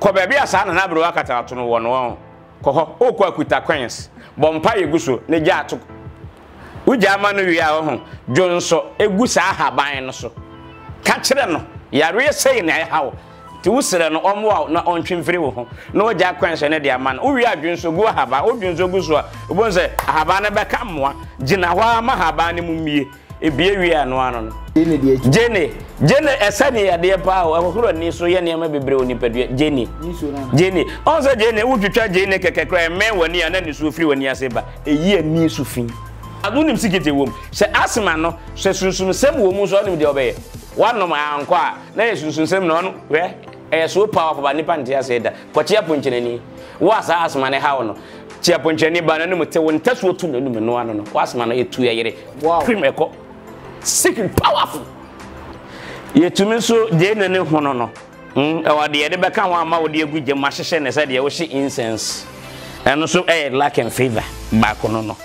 kɔ baabi a saa nana abere wakata ato no wɔ no kọ kɔ hɔ okɔ akuta coins mpa yɛ gu so ne gya ato wogya ama no wie a wɔ dwo nso egu saa ahaban no so K'akyere kyerɛ no yareɛ sɛyi na ɛha wo nti wosrɛ no ɔmmoa na ɔntwe mfiri wo ho na wogya coins no de ama no wowie adwo nso gu ahaban wodwo nso gu so a wobɛhu sɛ ahaban no bɛka mmoa gyina hɔ ara ma ahaban no mu mmie ebie wie ano ano no jene deɛ akyi jene jene ɛsɛ ne yadeɛ paa o ahohoro ni so yɛ nneɛma bebree wɔ nipadua jene jene ɔn sɛ jene wotwitwa jene kɛkɛ kora ɛmɛn w'ani a ni nisuo firi w'ani ase ba eyi ani so fi adu nim sikiti wɔm sɛ asima no sɛ sunsunsɛm wɔm nso ɔnim deɛ ɔbɛyɛ wanom ankɔ a na yɛ sunsunsɛm na ɔno hwɛ ɛyɛ so powerful ba nipa nte ase da kɔkye apɔnkyerɛni wɔ asa asima ne haw no kye apɔnkyerɛni ba n'anim te wɔn ntɛsoɔ tu n'anim noa no no wɔ no yɛ tu yɛ yere krim ɛkɔ. Secret, powerful yɛtumi nso deɛ n'ani ho no no hmm, ɛwɔ deɛ yɛde bɛka ho ama wɔde agu gya mu ahyehyɛ ne sɛ deɛ wɔhyɛ incense ɛno nso ɛyɛ lack and favour baako no no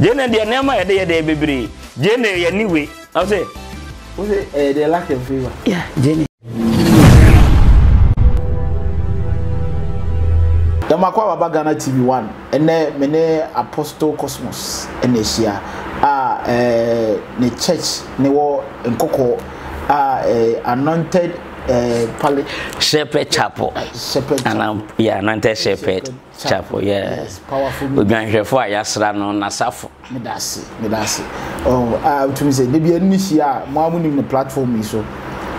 gye ne deɛ nneɛma yɛde yɛde yɛ bebree gye ne yɛ ni we na ɛyɛ deɛ lack and favour yeah gye ne dɛm akɔ ababa ghana tv one ɛnɛ mene apostle cosmos ɛna ahyia a ɛɛ eh, ne church ne wɔ nkokɔ a ɛɛ eh, anointed ɛɛ eh, pali. shepherd chapel shepherd chapel yeah anointed shepherd chapel yeah odwanhwɛfo a yasra no nasafo. medase medase ɔn oh, a tumi sɛ debi ɛnu hyia a mo amu nim ne platform yi so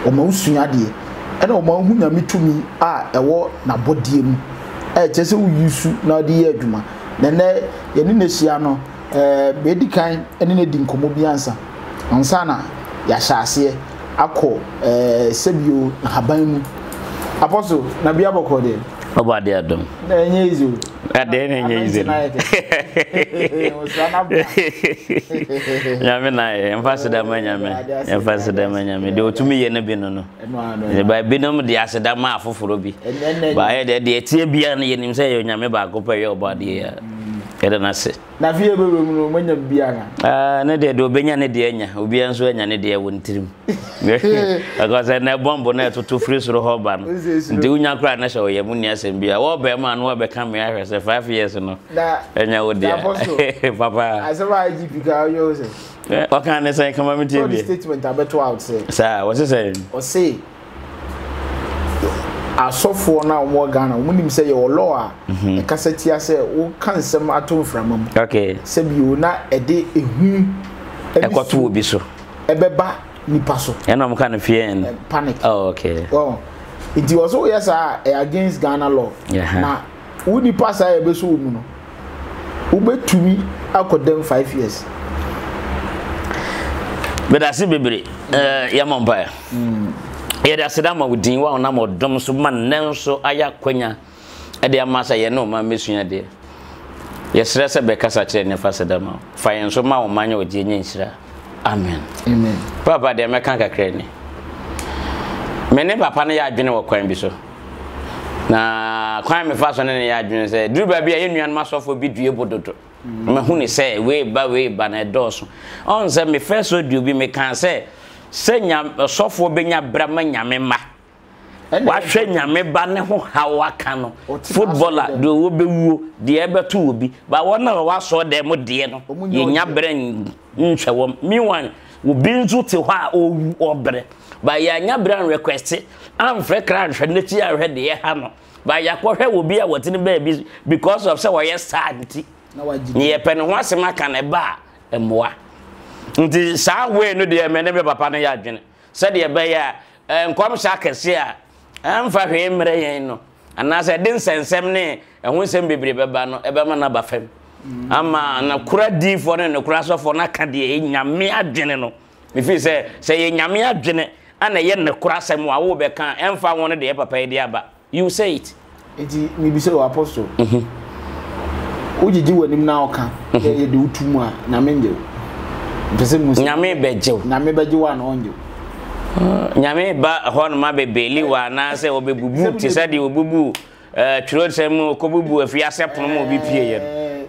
ɔmo osua adeɛ ɛna ɔmo ahu nyame tumi a ɛwɔ n'abɔdeɛ mu ɛɛ kyerɛ sɛ oyi su na ɔde yɛ adwuma nɛnɛ yɛne n'ehyia no. ɛɛ eh, beedi kan ɛne ne di nkɔmɔ bi ansa ansa na yɛahyɛ aseɛ akɔ ɛɛ eh, sɛbio ahaban mu apɔso na bi abɔkɔ deɛ. ọba adị adọm na-enye izu adị na-enye izu nyame na ayɛ yɛmfa sedama nyame yɛmfa sedama nyame deɛ ɔtumi yɛ no bi no no ba binom de asedama afoforɔ bi Ba baayɛ deɛ deɛ ɛteɛ bia no yɛnim sɛ yɛ onyame baako pɛ yɛ ɔbɔ adeɛ yɛ yɛde no ase na afei yɛbɛwura mu no manya bibia na ah, ne deɛ deɛ ɔbɛnya ne deɛ anya obia nso anya ne deɛ wɔ ne tirim because ɛnɛ eh, bɔmbo no ɛtoto firi soro hɔ ba no nti wonya koraa na hyɛ ɔyɛ mu nni asɛm bia wɔbɛɛ ma no wɔbɛka me ahwɛ sɛ five years no ɛnya wo deɛ papa eh, ɔka ne sɛn kama metie bie saa wɔse sɛ ɔse asɔfoɔ no a wɔwɔ ghana wɔnim sɛ yɛwɔ lɔɔ a mhm. ɛkasa tia sɛ woka nsɛm ato mframa mu sɛ bio na ɛde ɛhu ɛkɔto wɔ bi so ɛbɛba nipa so ɛna ɔmo ka no fie no panic oh, nti wɔ so woyɛ saa a ɛyɛ against ghana law na wo nipa saa yɛbɛso wɔ mu no wobɛtumi akɔdam five years medase bebree yɛmɔ mpaeɛ mm. yɛde aseda ma wo din wo a wonam so ma nnɛ nso ayɛ akwanya ɛde ama sɛ yɛne ɔma mɛsua deɛ yɛserɛ sɛ bɛkasa kyerɛ ne aseda ma fa yɛn nso ma wo ma nyɛ ɔgyeɛ nyɛ nhyira amen papa deɛ mɛka kakra ni me ne papa no yɛ adwene wɔ kwan bi so na kwan mefa so ne ne yɛ adwene sɛ duru baabi a yɛ nuanom asɔfoɔ bi due bododo mahu mm. ne sɛ weiba weiba na ɛdɔɔso ɔn sɛ mefɛ so duo bi mekaa sɛ sɛ nyam sɔfoɔ bɛnya brama nyame ma wahwɛ nyame ba ne ho haw aka no footballer deɛ ɔwɔ bɛwuo deɛ ɛbɛto wɔ bi ba wɔn a wɔasɔ dɛm mo deɛ no yɛnya brɛ nhwɛ wɔm meanwhile obi nso te hɔ a ɔwu ɔbrɛ ba yɛanya brɛ request amfrɛ kra nhwɛ n'akyi ahwɛ deɛ ha no ba yɛakɔhwɛ wɔ bi a wɔte ne baabi because of sɛ wɔyɛ saa nti ne yɛpɛ ne ho asɛm aka ne ba a mmoa nti saa wei no deɛ mene me papa no yɛ adwene sɛdeɛ ɛbɛyɛ a eh, nkɔmhyɛ akɛse a ɛmfa hwee mmerɛ yɛn no anaasɛ ɛde nsɛnsɛm ne ɛho nsɛm bebree bɛba no ɛbɛma no aba fam ama nokora diifoɔ ne nokora asɔfoɔ no aka deɛ ɛnyame adwene no mefiri sɛ sɛ yɛ nyame adwene ana ɛyɛ nokora asɛm a wobɛka ɛmfa wo no deɛ papa yɛ de aba you say it nti mebisɛ wɔ apostol mhm. wogyegye w'anim na woka mhm. yɛde wotu mu a nyame ngyew nyame bɛgye nyame bɛgye wo ana ɔngye wo nyame ba hɔnoma bɛbɛli wo anaasɛ wɔbɛbubu te sɛ deɛ wɔbubu eh, twerɛsɛm mu kɔbubu afiasɛ pono ma obi pieɛ no eh,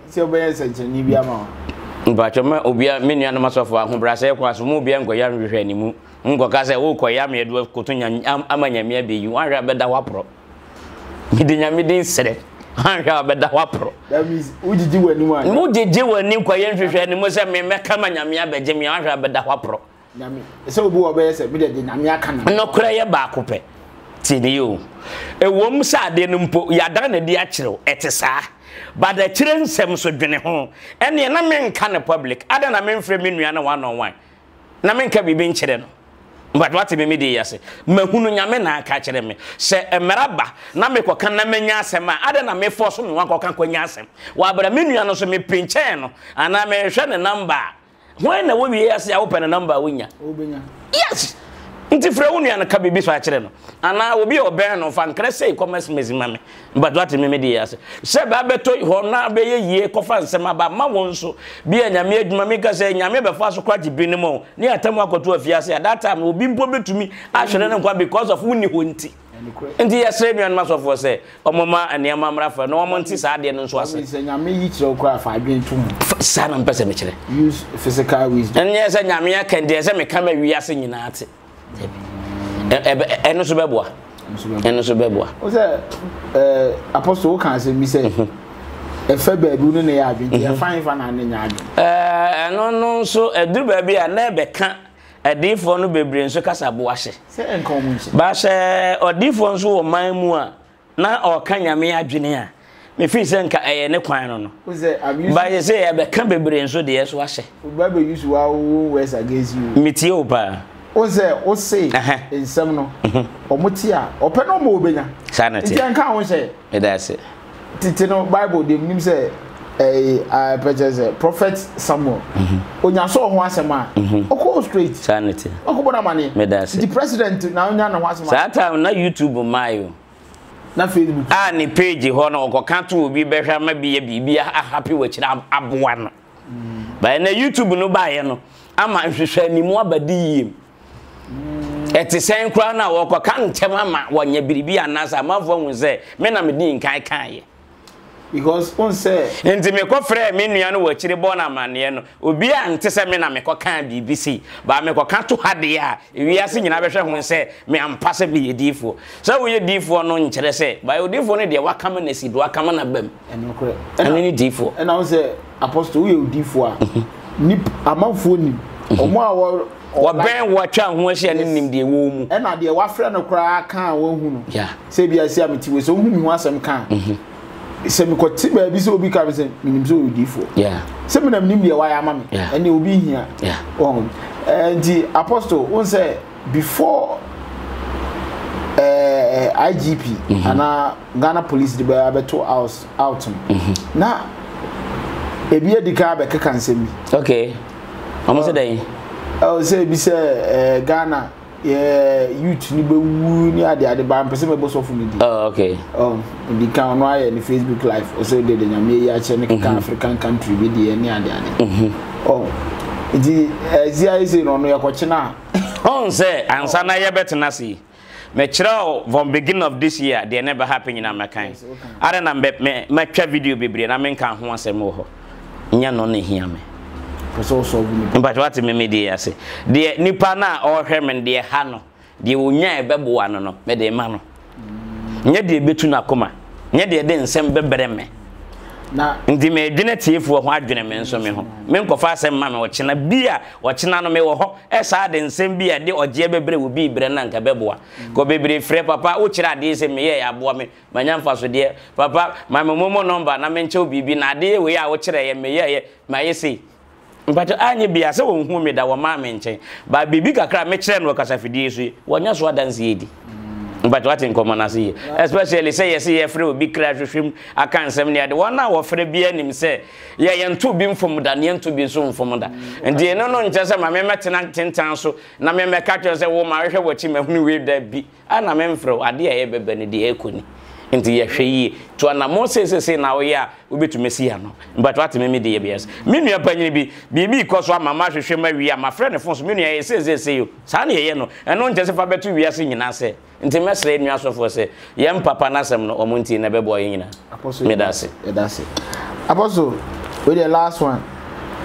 sɛ bi ama wo mpatwɔ ma obia me nuanom asɔfoɔ ahobrɛsɛ kɔ so ma obia nkɔyɛ nhwehwɛ ani mu nkɔka sɛ wokɔyɛ ameɛdoa koto ama nyame abɛyi woahwɛ bɛda woaporɔ mede nyame den ahwɛ bɛda waporɔ wogye w'ani nkɔyɛ nhwehwɛ ne mu sɛ memɛka ma nyame abɛgye me ahwɛ bɛda waporɔ nɔkorɛ yɛ baako pɛ tini o ɛwom sɛ adeɛ no mpo yɛada na di akyerɛw ɛte saa but akyirɛ nsɛm so dwene ho ɛneɛ na menka ne public ada na memfrɛ me nnua no one on one na menka biribi nkyerɛ no but what me de yase mahunu nyame na aka kyerɛ me sɛ eh, mmara ba na mekɔka na manya asɛm a adɛ na mefɔ so me wankɔka nkɔnya asɛm wɔabrɛ me nua no so mepinkyɛn no anaa mehwɛ ne namba a hwan na wɔwie ase a wopɛ ne namba a wonya yes nti frɛ wo nua no ka biribi so akyerɛ no anaa obi a ɔbɛn no fa nkrɛ sɛ commerce mesi ma me mbatoate meme de yɛ ase sɛ baa bɛtɔ hɔ na bɛyɛ yie kɔfa nsɛm aba ma wɔn nso bi a nyame adwuma meka sɛ nyame bɛfa so kora gye no mu ne atam akɔto afiase a that time obi mpo bɛtumi ahwere no nkwa because of wonni hɔ nti nti yɛsrɛ nnuanom asɔfoɔ sɛ ɔmoma nneɛma mmra na ɔmo nte saa adeɛ no nso ase sɛ nyame yi kyerɛ wo koraa fa adwene to mu saa na mpɛ sɛ mekyerɛ ɛnyɛ sɛ nyame aka ndeɛ sɛ meka ma wiase nyinaa te ɛno so bɛboa ɛno so bɛboa wo sɛ apostol o kaa sɛm bi sɛ ɛfɛ baabi no na yɛ adwene yɛfan fa na ne nya adwene ɛno no nso ɛduru baabi a na ɛbɛka ɛdiifoɔ no bebree nso kasa boa hyɛ sɛ ɛnka ɔmo nhyɛ baahyɛ ɔdiifoɔ nso wɔ man mu a na ɔka nyame adwene a mefiri sɛ nka ɛyɛ ne kwan no no bayɛ sɛ yɛbɛka bebree nso deɛ so ahyɛ metie wo paa o ose. o se nsɛm no ɔmo mhm. a na ɔmo obenya saa na ti nti nka ho sɛ titi no bible di nim sɛ i apɛkyɛ prophet samuel mhm. onyaso ɔho asɛm a ɔkɔ mhm. straight saa na ti ɔkɔ bɔ na ma ne ɛda president na onya na ho asɛm a saa time na youtube maa na facebook a page kan to obi bi na youtube ɛte sɛn koraa no a wɔkɔka ntɛm ama wɔnyɛ biribi anaasɛ amanfoɔ hu sɛ me na medi nkan kaeɛ because on sɛ nti mekɔ frɛ me nua no wɔakyiri bɔ no amanneɛ no obiaa nte sɛ me na mekɔkaa biribi sei baa mekɔka to hadeɛ a ewiase nyinaa bɛhwɛ ho sɛ me ampa sɛ meyɛ diifoɔ sɛ woyɛ diifoɔ no nkyerɛ sɛ baɛ odiifoɔ no deɛ wakama no asi de wakama no bam ɛno ne diifoɔ ɛna wo sɛ apostol woyɛ odiifoɔ a mhm. amanfoɔ nim mhm. ɔmo a wɔbɛn wɔtwa ho ahyia ne nim deɛ wɔwɔ mu ɛna deɛ wafrɛ no koraa kaa wɔahu no sɛ bia si a mete wɔ sɛ wohu me ho asɛm kaa mhm. sɛ mekɔte baabi sɛ obi ka me sɛ menim sɛ ɔyɛdiifoɔ sɛ menam nim deɛ wayɛ ama me ɛne obi hia nti apostle wo sɛ before uh, igp mhm. ana ghana police de bɛto out no mhm. na ebi adi ka abɛkeka nsɛm bi okay ɔmo sɛ dɛn ɛwɔ sɛ ebi sɛ ɛɛ ghana yɛ youth ni bɛ wu ni ade ade ba mpɛ sɛ mɛ bɔ sɔfo ni di. ɔ ok ɔ di kan ɔno ayɛ ne facebook live ɔsɛ de de nyame yi akyɛ ne keka african country bi deɛ ne ade ade. ɔ nti ɛzi ayi sɛ ɔno yɛ kɔkye na. ɔn sɛ ansa na yɛ bɛ tena se mekyerɛ from beginning of this year deɛ ne bɛ happen nyinaa mɛkan ara na mɛ mɛtwa video bebree na menka ho asɛm wɔ hɔ nyɛ no ne hia mpatwa te me medeɛ ase deɛ nipa no a ɔrehwɛ me deɛ ha no deɛ ɔnya ɛbɛboa no no mede ma no nyɛ deɛ bɛtu no akoma nyɛ deɛ de nsɛm bɛbrɛ me nti medwene tiefoɔ ho adwene me nso me ho menkɔfa asɛm e ma me ɔkyena bi a ɔkyena no mewɔ hɔ ɛsaa de nsɛm bi a de ɔgyeɛ bɛbrɛ wɔ bi berɛ no anka bɛboa kɔ bebree frɛ papa wokyerɛ adeɛ sɛ meyɛ yɛaboa me manya mfa so deɛ papa ma me momo nɔmba na menkyɛw biribi na adeɛ wei a wokyerɛyɛ meyɛyɛ mayɛ sei mpakyɛ anyɛ bia sɛ wɔnhu me da wɔmaa me nkyɛn ba biribi kakra mekyerɛ no wɔ kasafidie so yi wɔnya so adanseɛ di mpakyɛ wate nkɔmmɔ no ase yie especially sɛ yɛse yɛfrɛ obi kra hwehwɛm aka nsɛm ne ade wɔn a wɔfrɛ bi anim sɛ yɛyɛnto bi mfom da ne yɛnto bi nso mfom da nti ɛno no nkyɛ sɛ ma memɛtena tentan so na memɛka kyerɛ sɛ wo ma wehwɛ wɔkyi mahunu wei da bi ana memfrɛ adeɛ a ɛyɛ bɛbɛ no deɛ ɛkɔ ni nti yɛhwɛ yie to anammɔ seesesei na woyɛ a wobɛtumi si ya no but wateme me de yɛ bias me nua panyini bi biribi kɔ so ama mahwehwɛ ma wie a mafrɛ ne fo so me nua yɛ seesesei o saa ne yɛyɛ no ɛno nkyɛ sɛ fa bɛto wiase nyinaa sɛ nti mɛsrɛ nua asɔfoɔ sɛ yɛn papa no no ɔmo nti na ɛbɛboa yɛ nyinaa meda se apɔso wodeɛ last one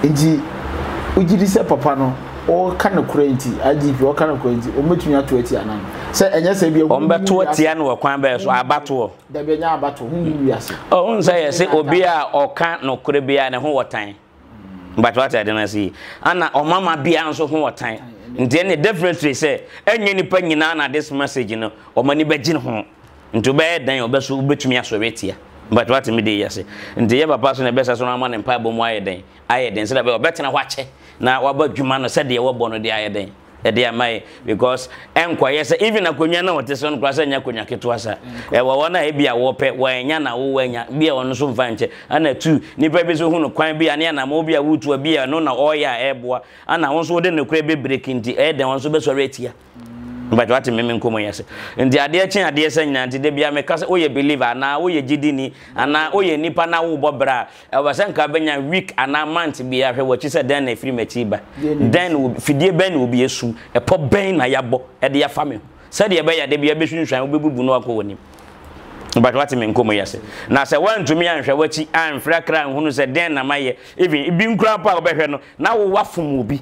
nti wogye di sɛ papa no ɔka no korɛ nti agp ɔka no korɛ nti ɔmɛtumi ato ati anaa no sɛ ɛnyɛ sɛ bi ɔmo bɛto tia no wɔ kwan bɛɛ so abatoɔ dɛbi ɛnyɛ abatoɔ ho mm. wi ase ɔmo nsɛ yɛ sɛ obi a ɔka nɔkora bi a ne ho wɔ tan mbatɔ ata ɛde no ase yi ana bi a nso ho wɔ tan nti ɛne definitely sɛ ɛnyɛ nipa nyinaa na this message no ne ho dan papa so so na ne mu no de ɛde ama yi because ɛnkɔyɛ sɛ even akonnwa na wɔte so no kora sɛ nyɛ akonnwa ketewa sa mm-hmm. ɛwɔ wɔn a ebi a wɔpɛ wɔanya na wowɔ anya bi a wɔn nso mfa nkyɛ ana tu nipa bi so hu no kwan bi a ne anam bi a wotua bi a no na ɔyɛ a ɛɛboa ana wɔn nso wɔde ne kora bebree kinti ɛyɛ dɛ wɔn nso bɛsɔre atia. Mm-hmm but what meme nkɔmmɔ come sɛ nti adeɛ kye adeɛ sɛ nyinaa nti da bia meka sɛ Oye believer na oye gyidini anaa oye nipa na wobɔ berɛ a ɛwɔ sɛ nka bɛnya week anaa month biaa hwɛ wɔkyi sɛ dɛn na ɛfiri m'akyi ba dɛn fidie bɛn na obi ɛsu ɛpɔ bɛn na yɛabɔ ɛde yɛfa me ho sɛdeɛ ɛbɛyɛ da bia bɛsunsuan wobɛbubu no wakɔ wɔ nim but what me nkomo yase na sɛ wantumi anhwɛ w'akyi amfrɛ kra nhunu sɛ dɛn na mayɛ even bi nkura pa a wobɛhwɛ no na wowafom obi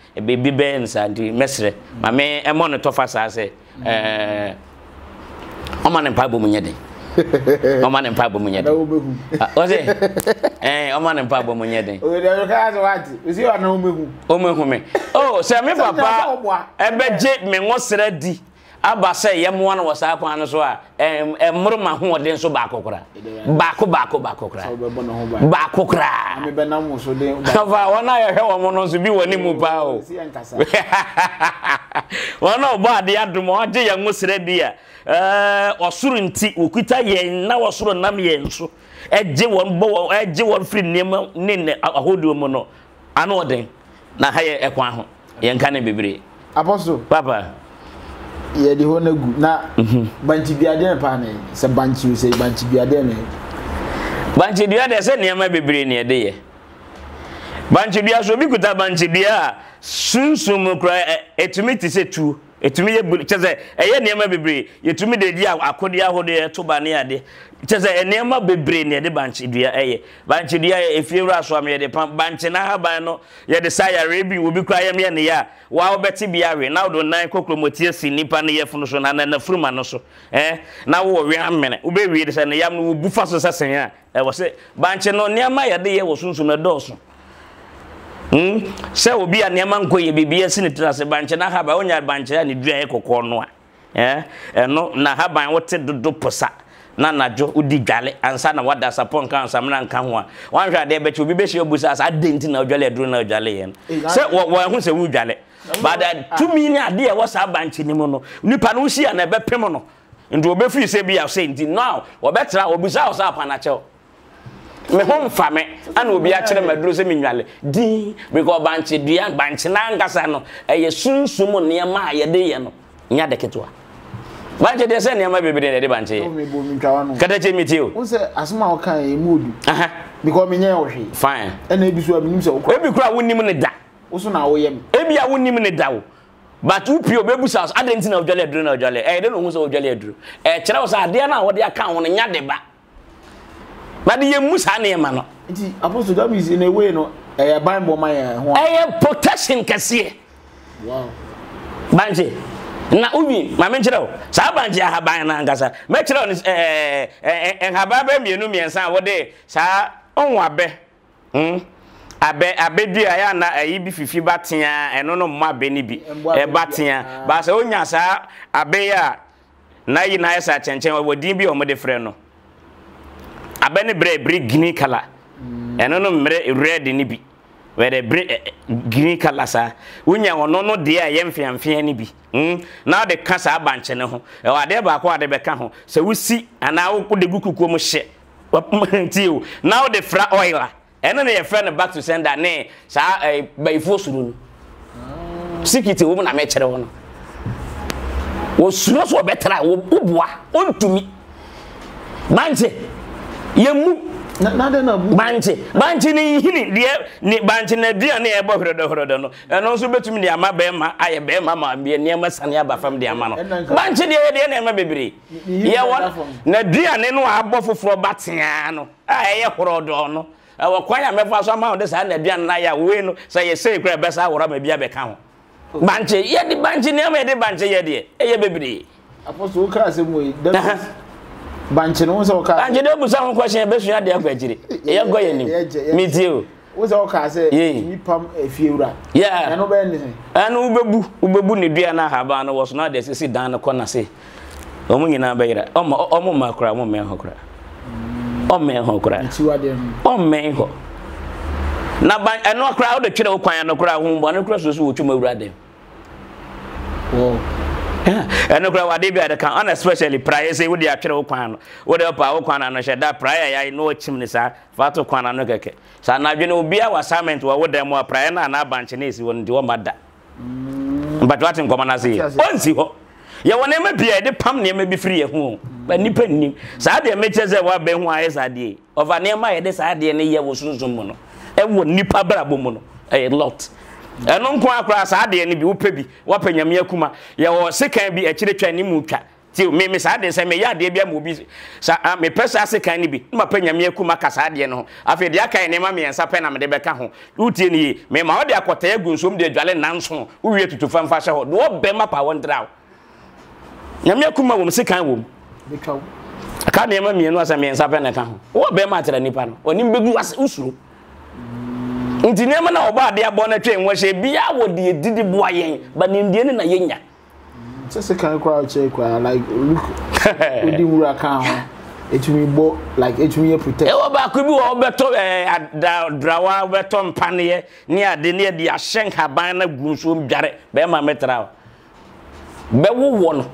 biribi bɛyɛ no saa nti mɛserɛ maame ɛmɔ no tɔfa saa sɛ ɛɛ ɔma ne mpa abɔ mu nyɛ den ɔma ne mpa abɔ mu nyɛ den ah, ɔsɛ ɛɛ ɔma ne mpa abɔ mu nyɛ den. o ka sɔ waati o si wa na o mehu. o mehu mi o oh, sɛ mi papa ɛbɛ gye mi ŋɔ srɛ di. aba sɛ yɛmmoa no wɔ saa kwan no so a ɛmmoro ma hoɔden so baako koraa baako baako baako koraa baako koraa wɔn a yɛhwɛ wɔn no nso bi wɔ ne mu paa o wɔn a ɔbɔ adeɛ adom a ɔgye yɛn ho serɛ bi a ɔsoro nti yɛn na nam yɛn so ɛgye wɔn bɔ wɔn ɛgye firi nneɛma ne ne ahodoɔ mu no na ha yɛ ɛkwan ho yɛn ka ne bebree. apɔso yɛde hɔ no gu na mhm. bankyi duadeɛ paa ne sɛ bankyi sɛ bankyi duadeɛ ne bankyi duadeɛ sɛ nneɛma bebree ne yɛde yɛ bankyi dua so obi kuta bankyi dua a sunsum koraa ɛtumi te sɛ tuo ɛtumi yɛ buli kyɛ sɛ ɛyɛ nneɛma bebree yɛtumi de di akodeɛ ahodoɔ ɛto ba ne ade kyɛ sɛ nneɛma bebree na yɛde bankye dua ɛyɛ bankye dua yɛ efie wura so ama yɛde pam bankye n'ahaban no yɛde sa yare bi obi kura yɛm yɛ ne yɛ a waa ɔbɛte bi awe na ɔdo nan kokoromoti esi nipa ne yɛfunu so na na na furuma no so ɛɛ na wɔwɔ wia mene wobɛ wie de sɛ ne yam no wo bufa so sɛ sɛn a ɛwɔ sɛ bankye no nneɛma yɛde yɛ wɔ sunsun na dɔɔso Hmm? sɛ obi a nneɛma nkɔ yɛ biribi asi ne tena sɛ bankyɛ na haban wonya bankyɛ a ne dua yɛ kɔkɔɔ no a ɛno na haban wote dodo posa na anadwo wodi dwale ansa na wada sapɔnka ansamena nka ho a wanhwɛ adeɛ bɛkyɛ obi bɛhyɛ bu sɛ asa adɛ nti na wodwale aduro na wodwaleyɛ no sɛ wɔho sɛ wodwale bada uh, ah. tumi ne adeɛ ɛwɔ saa bankye no mu no nipa no wosi a na ɛbɛpem no nti wɔbɛfiri sɛ bi a sɛ nti now wɔbɛtra wɔbisa wo sɛ apanakyɛw me ho mfa me ana obi akyerɛ maduro sɛ menwale din because bankye dua bankye na ankasa no ɛyɛ sunsum nneɛma a yɛde yɛ no nya de ketewa bankye deɛ sɛ nneɛma bebree na yɛde bankye yɛ katakye mi tie o. n sɛ asoma a ɔka yɛ mu because mi nyɛ yɛ ɔhwee. fine ɛna ebi so a mi nim sɛ okura. ebi kura a ne da. woso na awoyɛ mi. ebi a wonim ne da o but wopie obebusa adɛ nti na odwale aduro na odwale ɛyɛ dɛ na ohun sɛ odwale aduro ɛkyerɛ wo sɛ adeɛ na a wɔde aka ho nya de ba. but yɛmmu saa nneɛma no nti apostle that means in a way no ɛyɛ bible ma yɛn ho ɛyɛ protection kɛseɛ wow banje na ubi maame nkyerɛ wo saa banje ahaban ya ankasa mɛkyerɛ wo no nhaban eh, eh, eh, bɛ mmienu mmiɛnsa a wɔde saa ɔnwo abɛ mm? abɛ abɛdua yɛ ana ɛyi bi fifi ba tea ɛno no mma abɛ no bi ɛba tea ah. baasa wonya saa abɛ yi a na yi na ayɛ saa kyɛnkyɛn wɔ din bi a no abɛne berɛ ɛbere green mm. color ɛno no mmerɛ red ne bi wɛrɛ bere eh, eh, green color saa wonya ɔno no deɛ a yɛ mfeamfea ne bi mm? na wode ka saa abankyɛ ne ho ɛwɔ e adeɛ baako a wode bɛka ho sɛ wosi anaa wode gu kukuo mu hyɛ ntio na wode fra oil a ɛno ne yɛfrɛ no back to sender ne saa eh, bayifoɔ suro no mm. sikiti wom na mɛkyerɛ wo no wɔsuro so wɔbɛtra woboa wontumi mankyɛ yemu. bankye bankye no nhini deɛ bankye no aduane a ɛbɔ hwɛdɔhwɛdɔ no ɛno nso bɛtumi de ama bɛrima ayɛ bɛrima ma bia nneɛma sane aba fam de ama no bankye deɛ yɛdeɛ nneɛma bebree yɛwɔ na aduane no abɔ foforɔ ba no a ɛyɛ no ɛwɔ kwan a mɛfa so ama wo de saa no a ɛyɛ bebree banchi no so ka banchi do busa ho question be sua de akwagyire ye Ya ni mi o wo so ka se nipa efie wura yeah eno be ni ubebu ubebu dua na haba no wo so na de sisi dan se nyina be yira me ho ho ho na ban eno kra wo de twere wo kwan no kra ho bo so so wo twuma de wo ɛno kora wade bia deka especially praeɛ say wode atwerɛ wo kwan no wode ɔpa wo da praeɛ yɛae na ɔkyim ne saa fa to kwan ano kɛkɛ saa anadwene obia assignment wɔ wo dan mu a praeɛ no anaa da mpate mm. wate nkɔmmɔ no ase yɛ ɔnsi hɔ yɛwɔ nneɛma pii a yɛde pam nneɛma free firi yɛ ho ba nnipa nnim saa deɛ mɛkyerɛ sɛ woabɛn a saa ɛno nko akora saa adịghị no bi wopɛ bi woapɛ nyame akuma yɛwɔ sekan bi akyire ne mu twa ti saa deɛ sɛ meyɛ adeɛ bi ama obi mepɛ saa sekan no bi na mapɛ nyame akuma ka saa no ho afei deɛ aka nneɛma mmiɛnsa pɛ na mede bɛka ho wotie no mema wode akɔtae agu nsom de adwale nanso wowie ma pa wɔ ndra wo nyame akuma sekan nneɛma mmienu asɛ mmiɛnsa pɛ na ka ho wɔbɛ nti nneɛma na ɔbɔ adeɛ abɔ no twɛn wɔ bia wɔ deɛ didi boa yɛn ba nimdeɛ no na yɛnya sɛ sɛ kan koraa ɔkyɛ koraa like look wodi wura ka ho ɛtumi bɔ like ɛtumi yɛ protect ɛwɔ baako bi wɔ wobɛtɔ eh, adrawa wobɛtɔ mpaneɛ ne ade ne ɛde ahyɛ nhaban no agu nso dware bɛɛma mɛtra wo bɛwowɔ no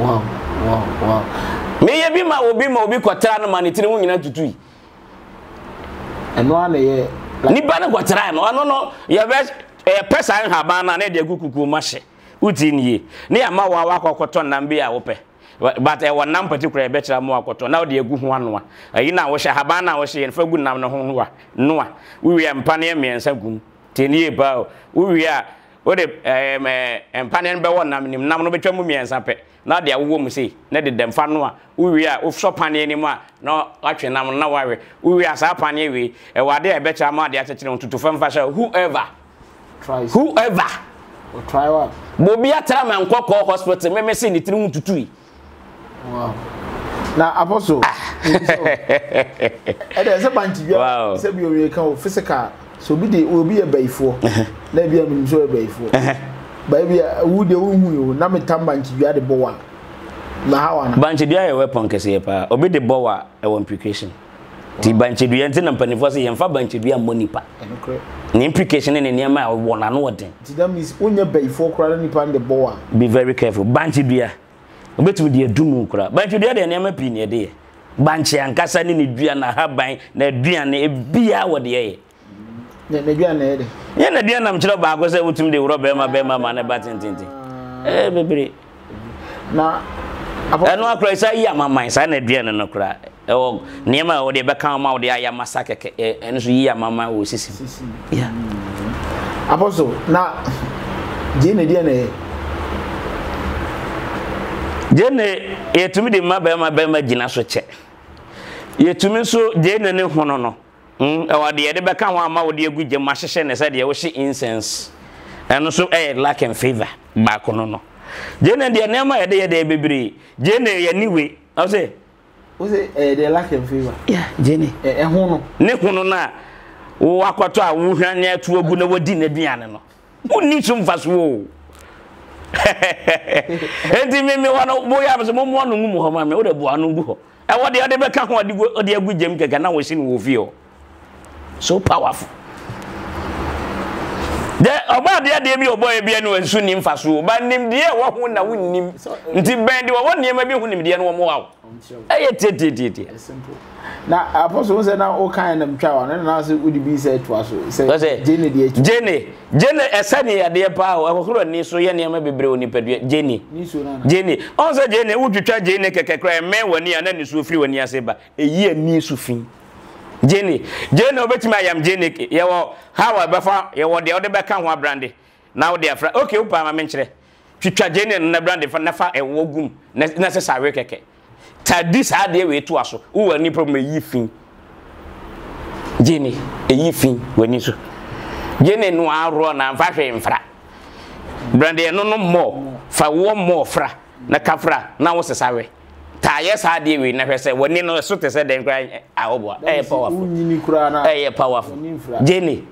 wow wow wow meyɛ bi ma obi ma obi kɔtra no ma ne tiri ho nyina tutui ɛno a na yɛ nipa no kɔtraa no ɔno no yɛbɛ pɛ saa nhaban no a na ɛde agu ma hyɛ wotii ne ne yɛma wo a woakɔkɔtɔ bi a wopɛ but ɛwɔ nam particular yɛbɛkyerɛ ma wakɔtɔ na wode agu ho anoa ayi no a wohyɛ na no a gu nam no ho noa gum wode eh, eh, mpa ne bɛwɔ nam nim nam no bɛtwa mu mmiɛnsa pɛ na de awowɔ mu se na de dɛmfa no a wowie a wosɔ paneɛ no mu a na watwe nam no na wawe wowie a saa paneɛ wei ɛwɔ ade a ɛbɛkyerɛ ma ade akyekyere wo ntotofa mfa hyɛ whoever Tries. whoever bobi atara ma nkɔkɔɔ hospital meme se ne tiri mu tutui na apostle ah. ɛdɛ sɛ banti sɛ bi ka wo physical so obi de obi yɛ bɛyifoɔ na ebi yɛ mu nso yɛ bɛyifoɔ baabi a de wo hu yio na mi tam banki dua de bɔ na hawa wa na. banki dua yɛ wɛpɔn kɛseɛ paa obi de bɔ wa ɛwɔ implication ti banki dua nti na mpanimfoɔ sɛ yɛnfa banki dua mmɔ nipa ni implication ne nneɛma a wɔwɔ n'ano wɔ den. ti that means o nyɛ bɛyifoɔ na nipa de bɔ be very careful banki dua obetumi de edu mu koraa banki dua deɛ nneɛma pii na yɛde yɛ banki ankasa ne ne dua na ahaban na aduane ebia wɔ deɛ yɛ yɛ nadua nam kyerɛ baako sɛ wotumi de worɔ bɛrima bɛrima ma ne ba tententen ɛɛ bebree ɛno akora sa yi amaman saa nadua no no koraa ɛwɔ nneɛma a wɔde bɛka ma wɔde ayɛ masa kɛkɛ ɛno so yi amaman wɔ sisi hmm. apɔso na gye ne deɛ na yɛ gye ne yɛtumi de ma bɛrima bɛrima jina so kyɛ yɛtumi nso gye ne ne hono no e bɛka ho ama gyam ahyehyɛ ne incense ɛno nso ɛyɛ lack and baako no no gyene deɛ nneɛma a yɛde bebree gyene yɛ niwe ya ne ho na a wohwa ato agu na wɔdi n'aduane no wonni so mfa so o enti mimi hɔ no sɛ no ngu mu hɔ ma me wode boa no ngu hɔ ɛwɔ deɛ bɛka ho ɔde agu gyam kɛkɛ na wɔhye no wɔ fie hɔ so powerful de ọba adeɛ deɛ bi ɔbɔ ebi ɛnu nsu nim fa so ɔba nim deɛ ɛwɔ ho na wɔn nim eh, nti bɛn de wɔwɔ nneɛma bi ho nim deɛ no wɔn wa ɛyɛ tie tie tie tie. na apɔsɔ sɛ na o kan nam twa wa ne nana se o de bi sɛ to aso sɛ jene deɛ akyi. jene jene ɛsɛ ne adeɛ paa o ɛkɔkɔrɔ ni so yɛ nneɛma bebree wɔ nipadua jene jene ɔn sɛ jene wotwitwa jene kɛkɛ kora ɛmɛn wɔ ni a na nisuo firi wɔ ni ase ba eyi ani sufin jeni jeni obetumi ayam jeni yɛwɔ ha wɔ bɛfa yɛwɔ deɛ ɔde bɛka ho abrande na wode afra okay wopa ama me nkyerɛ twitwa jeni no na brande fa na fa ɛwɔ gum na sɛ saa awe kɛkɛ tadi saa deɛ wei toa so wowɔ ani problem ɛyi fi jeni ɛyi fi w'ani so jeni no arɔ na mfa hwee mfra brande ɛno no mmɔɔ fa wɔ mmɔɔ fra na kafra na wo sesawe taa yɛ saa adeɛ wei na hwɛ sɛ wɔne no so te sɛ dɛn koraa awoboa ɛyɛ powerful powerful jene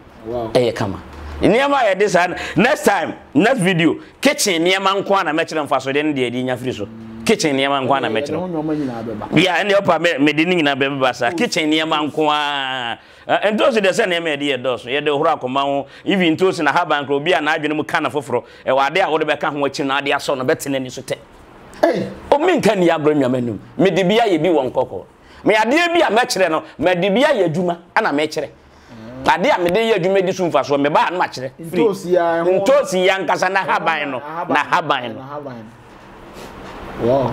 ɛyɛ kama nneɛma a yɛde saa next time next video kitchen nneɛma nko a na mɛkyerɛ mfasodeɛ no deɛ yɛde nya firi so kitchen nneɛma nko a na mɛkyerɛ ya ɛne ɔpa mede ne nyinaa bɛbɛba saa kitchen nneɛma nko a ntosi deɛ sɛ nneɛma yɛde yɛ dɔɔso yɛde horo akoma ho even ntosi na haban kora obi a n'adwene mu ka na foforɔ ɛwɔ ade a wode bɛka ho akyi no ade asɔ no bɛte n'ani so tɛ omi nka ni agorɔ nyama nim mede bi ayɛ bi wɔ nkɔkɔ me adeɛ bi a mɛkyerɛ no mede bi ayɛ adwuma ana mɛkyerɛ mm. adeɛ a mede yɛ adwuma di so mfa soɔ mebaa no makyerɛ ntoosi yɛ ankasa nahaban no nahaban no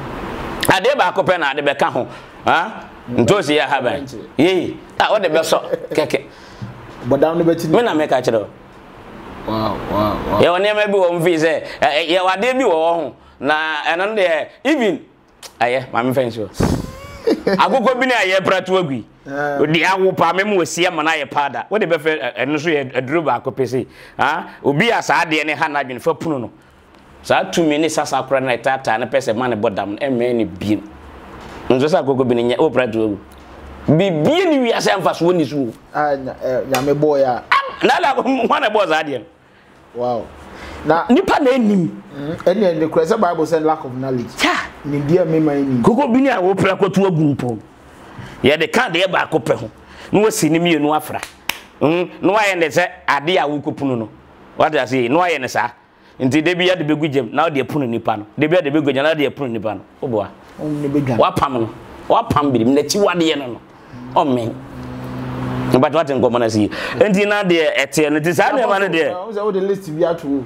adeɛ baako pɛ na ade bɛka ho mm. ntoosi yɛ ahaban yei a wɔde bɛsɔ kɛkɛ mena meka kyerɛ yɛwɔ nneɛma bi wɔ mfii sɛ yɛwɔ adeɛ bi wɔ wɔ ho na ɛno eh, deɛ even ɛyɛ maame fɛn so akokɔ bi ne a yɛpra to agui ɔde eh. awo paa mɛma wɔsi ama eh, no ayɛ paada wode bɛfɛ ɛno so yɛ aduro baako pese. sei obi a saa deɛ ni ha na adwene fa puno no saa tumi ne sasa kora no ɛtaataa no pɛ sɛ ma ne bɔ dam no ɛmmɛɛ ne biem nso sɛ akokɔ bi ne nyɛ wopra to agu bibie ne wiase amfa so wɔ ne so ah, nyame bɔɔyɛ a na la hwane bɔɔ saa deɛ no wow na nipa na enim mm, ɛne ɛne kura sɛ bible sɛ lack of knowledge yeah. ne mi mema ni koko bi ne a wopra kɔto agu mpo yɛde ka deɛ baako pɛ ho na wasi ne mmienu afra mm. na wayɛ ne sɛ adeɛ a wokɔpunu no wate ase na wayɛ ne saa nti da bi yɛde bɛgu gyam na wode apono nipa no da bi yɛde bɛgu gyam na wode apono nipa no woboa wapam no wapam birim n'akyi wadeɛ no no ɔmmɛn but wate nkɔmmɔ no asi nti na deɛ ɛteɛ no nti saa nneɛma no deɛ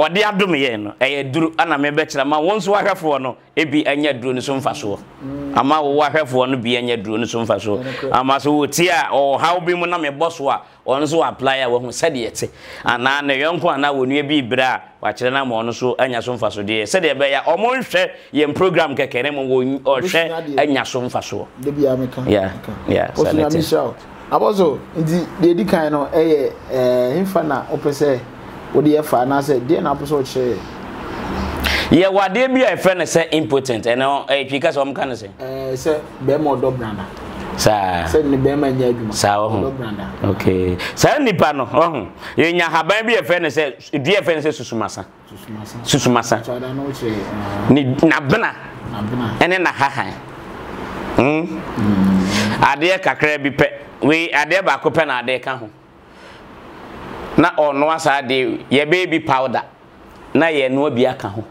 ɔde adom yɛn no ɛyɛ duru ana mebɛkyerɛ ma wɔn nso ahwɛfoɔ no ebi ɛnyɛ duro no so mfasoɔ ama wɔwɔ ahwɛfoɔ no bi ɛnyɛ duro no so mfasoɔ ama so wɔti a ɔhaw bi mu na mebɔ so a ɔno nso apply a wɔho sɛdeɛ ɛte anaa ne yɔnko anaa wɔn nua bi brɛ a wakyerɛ na ma ɔno nso anya so mfasodeɛ sɛdeɛ ɛbɛyɛ a ɔmo nhwɛ yɛn program kɛkɛ ne mu ɔhwɛ anya so mfasoɔ. debi ya ya ya sanete abɔso nti deɛ edi kan no ɛyɛ eh, sɛ wode yɛ fa anaasɛ deɛ na apɛ sɛ ɔkyerɛ yɛ yɛwɔ adeɛ bi a ɛfrɛ no sɛ impotent ɛno ɛtwi ka sɛ ɔmka no sɛ sɛ bɛrima ɔdɔ brada saa sɛ ne bɛrima nyɛ adwuma saa ɔho okay saa nipa no ɔho yɛnya haban bi yɛfrɛ no sɛ Di yɛfrɛ no sɛ susumasa susumasa na ne nabena ɛne nahahan hmm? Hmm. adeɛ kakra bi pɛ wei adeɛ baako pɛ na adeɛ ka ho na ɔnoa saa de yɛbɛyɛ bi powder na yɛnoa bi aka ho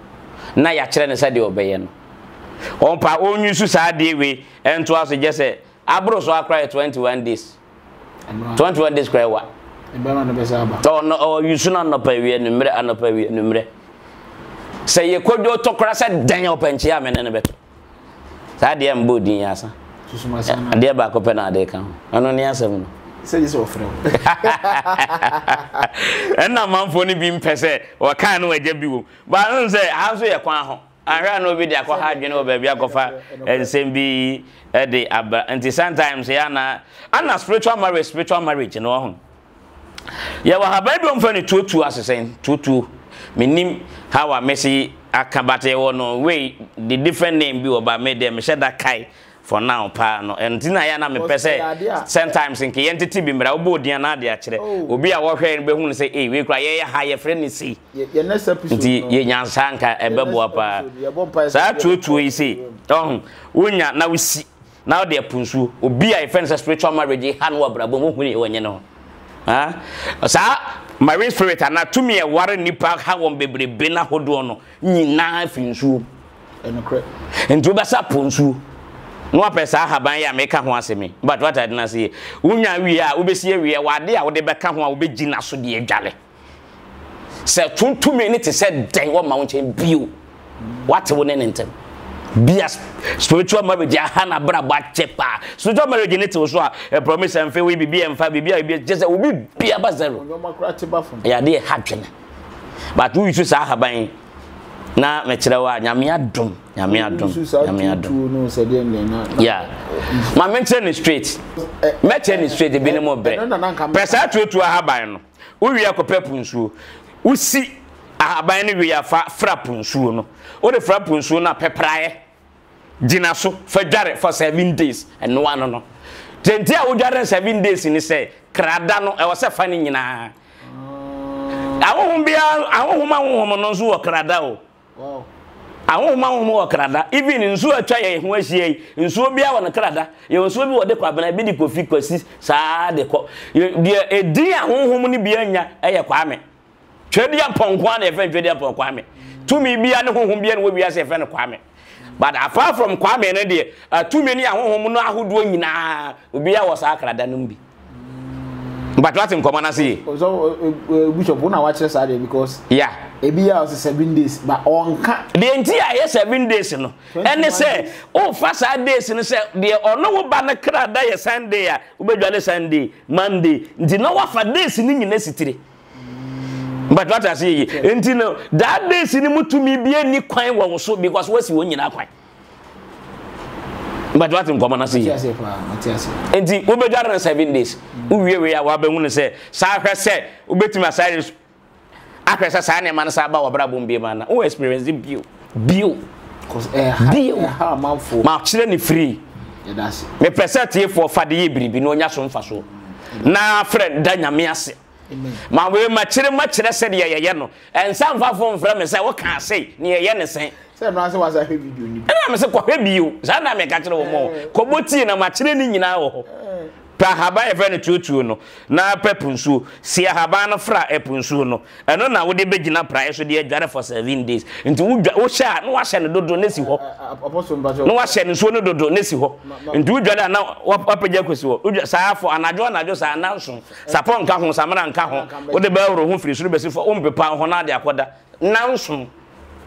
na yɛakyerɛ ne sɛdeɛ ɔbɛyɛ no ɔmpa ɔnwi so saa deɛ wei ɛntoa so gye sɛ aboro so akora yɛ 21 days 21 days kora ɛwa ɔyisu no anɔpawie nummerɛ anɔpawie nummerɛ sɛ yɛkɔdwo tɔ kora sɛ dan a ɔpɛnkye a mene ne bɛtɔ saa deɛ mbɔ din yɛ asa adeɛ baakɔ pɛ na adeɛ ka ho ɛno ne asɛm no sɛ gye sɛ ɔfrɛ wo ɛnna amanfoɔ no bi mpɛ sɛ wɔkaa no wagya bi wom baano sɛ ha nso yɛ kwan ho ahwɛ no obi de akɔ ha adwene wɔ baabi akɔfa nsɛm bi de aba nti sometimes yɛ ana ana spiritual marriage spiritual marriage na wɔ ho yɛwɔ haban bi ɔmfa no tuotuo asesɛn tuotuo menim how a mɛsi aka but yɛwɔ no wei the different name bi wɔ ba me deɛ mehyɛ da kae for now paa no ɛnti na yɛ na mepɛ sɛ sometimes nke yɛntete bi mmara wobɔ odian no ade akyerɛ oh. obi a wɔhwɛ no bɛhu no sɛ ei wei kora yɛyɛ ha yɛfrɛ no sei nti yɛnyansa nka ɛbɛboa paa saa tuotuo yi sei ɔho wonya na wosi na wode apo nsuo obi a yɛfrɛ no sɛ spiritual marriage ha no wabrabɔ wohuni wɔnyɛ ne ho saa marine spirit anaa tumi ɛware nnipa ha wɔn bebrebe no ahodoɔ no nyinaa firi nsuo nti wobɛsa po nsuo no apɛ saa ahaban yɛ a meka ho asɛmi but what adena sɛ wonya wie wia wobɛsi awie wade a wode bɛka ho a wobɛgyina so deɛ adwale sɛ tuntumi ne te sɛ dɛn wɔma wo nkyɛn bio wate wo ne ne ntɛm bia spiritual marriage aha na ba akyɛ paa spiritual marriage ne tew so a ɛpromise mfe wei biribi ɛmfa biribi a biribi kyɛ sɛ obi bia ba zero ɛyɛ adeɛ ɛha but woyi so saa ahaban na mekyerɛ wo a nyame adom nyame adom nyame adom yeah ma menkyerɛ ne straight mɛkyerɛ ne straight ebi ne mo brɛ pɛ saa tuotuo ahaban no wowie akɔpɛ po nsuo wosi ahaban no wie afa fra po nsuo no wode fra po nsuo no a pɛpraeɛ gyina so fa dware for seven days ɛnoa no no tenti a wodware seven days ni sɛ krada no ɛwɔ sɛ fa no nyinaa ah. ahohom biara ahohom ahohom no nso wɔ krada o ahụhụ ahụhụ wɔ krada even nsuo atwa yɛ ho ahyia yi nsuo bi wɔ no krada yɛwɔ nsuo bi wɔ de kwabena ebi de kofi kwasi saa de kɔ deɛ ɛdin ahonhom no bi anya yɛ kwame twadia pɔnko a na yɛfɛ twadia pɔnko kwame tumi bia ne honhom bia na wɔ wiase yɛfɛ no kwame but apart from kwame no deɛ eh, tumi ne ahonhom no ahodoɔ nyinaa obi wɔ saa krada no bi mpatụ asị nkọma na asị. ọzọ bishop ọ na wakyerɛ saa deɛ because. ya. ebi ya ɔsɛ seven days ba ɔnka. deɛ nti a ɛyɛ seven days no ɛne sɛ ɔfa saa days no sɛ deɛ ɔno wo ba no kra da yɛ sunday a wobɛdwale sunday monday nti na wafa days no sitere sitire. mpatụ asị yie nti no that days no mu tumi bie ni kwan wɔ wo so because wasi wɔn nyinaa kwan. but what nkɔmɔ na se yi nti wobɛdwa no seven days wowie mm. wei a wabɛhu no sɛ saa hwɛ sɛ wobɛtumi asare ahwɛ sɛ saa nneɛma no saa ba wɔbrɛ bom bie ma na wo experience bio bio eh, bio eh, makyerɛ ne firi mepɛ sɛ tiefoɔ fa de yɛ biribi na ɔnya so mfa so mm. na frɛ da nyame ase ma wei makyere makyerɛ sɛdeɛ yɛyɛ no ɛnsa mfafo mfrɛ me sɛ woka ase ne yɛyɛ ne sɛn ɛna me sɛ kɔhwɛ bio saa na meka kyerɛ wɔ mɔ kɔbɔ tie na makyerɛ ne nyinaa wɔ hɔ pɛ ahaban yɛfrɛ no tuotuo no na pɛ po nsuo si ahaban no fra ɛpo nsuo no ɛno na wode bɛgyina praeɛ so de adware for seven days nti wodwa wohyɛ a na wahyɛ no dodo ne si hɔ na wahyɛ no nsuo no dodo ne hɔ nti wodware a na wapagya kɔsi hɔ saa afɔ anadwo anadwo saa nanso sapɔ nka ho samena nka ho wode bɛworɔ ho firi soro bɛsi fɔ wompepa ho na ade akɔda nanso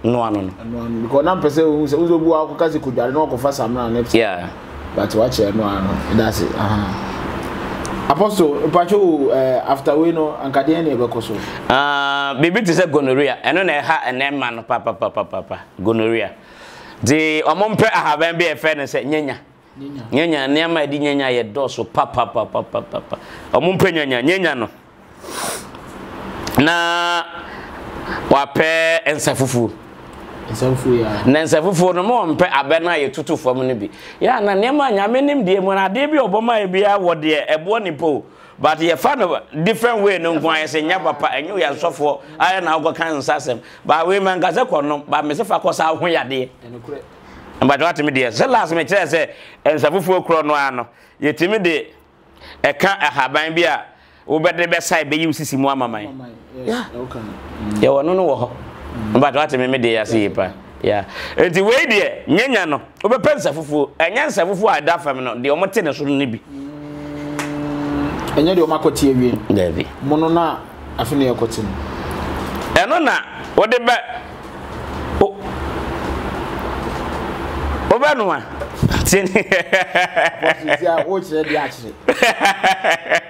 no ano no because na mpɛsɛ ohun sɛ wosɛ obi wa akɔka sɛ na wakɔfa samena ne yeah but wakyerɛ no ano that's it uh -huh apostle mpacho uh, eh, after we no ankadeɛ ne ɛbɛkɔ so uh, ah, biribi te sɛ gonoria ɛno na ɛha ɛnɛ ma no papapapapa gonoria nti ɔmo mpɛ ahaban bi ɛfɛ no sɛ nyanya nyanya nneɛma ɛdi nyanya yɛ dɔɔso papapapapapa ɔmo mpɛ nyanya nyanya no na wapɛ nsa fufuo na nsa fufuo no mo mpɛ abɛ na yɛ tutu fam no bi ya na nneɛma nyame nim deɛ mu na adeɛ bi ɔbɔma yɛ bia wɔ deɛ ɛboɔ nipa o but yɛfa no different way no nko ayɛ sɛ nyɛ papa ɛnyɛ yɛ nsɔfoɔ ayɛ na wokɔka nsa sɛm ba wei ma nka sɛ kɔ no ba me sɛ fa kɔ saa ho yadeɛ mbata watumi deɛ sɛ last me kyerɛ sɛ nsa fufuo korɔ no a no yɛtumi de ɛka ahaban bi a wobɛde bɛsa ɛbɛyi wo sisi mu amaman yɛwɔ no no wɔ hɔ but what me de ya see pa yeah enti we de nyanya no obepɛ nsa fufuo enya nsa fufuo ada fam no de omote ne so no ne bi enya de omakɔte awie da bi mo no na afi ne yɛkɔte no ɛno e na wode bɛ wobɛ no a tiɛ ne wokyerɛ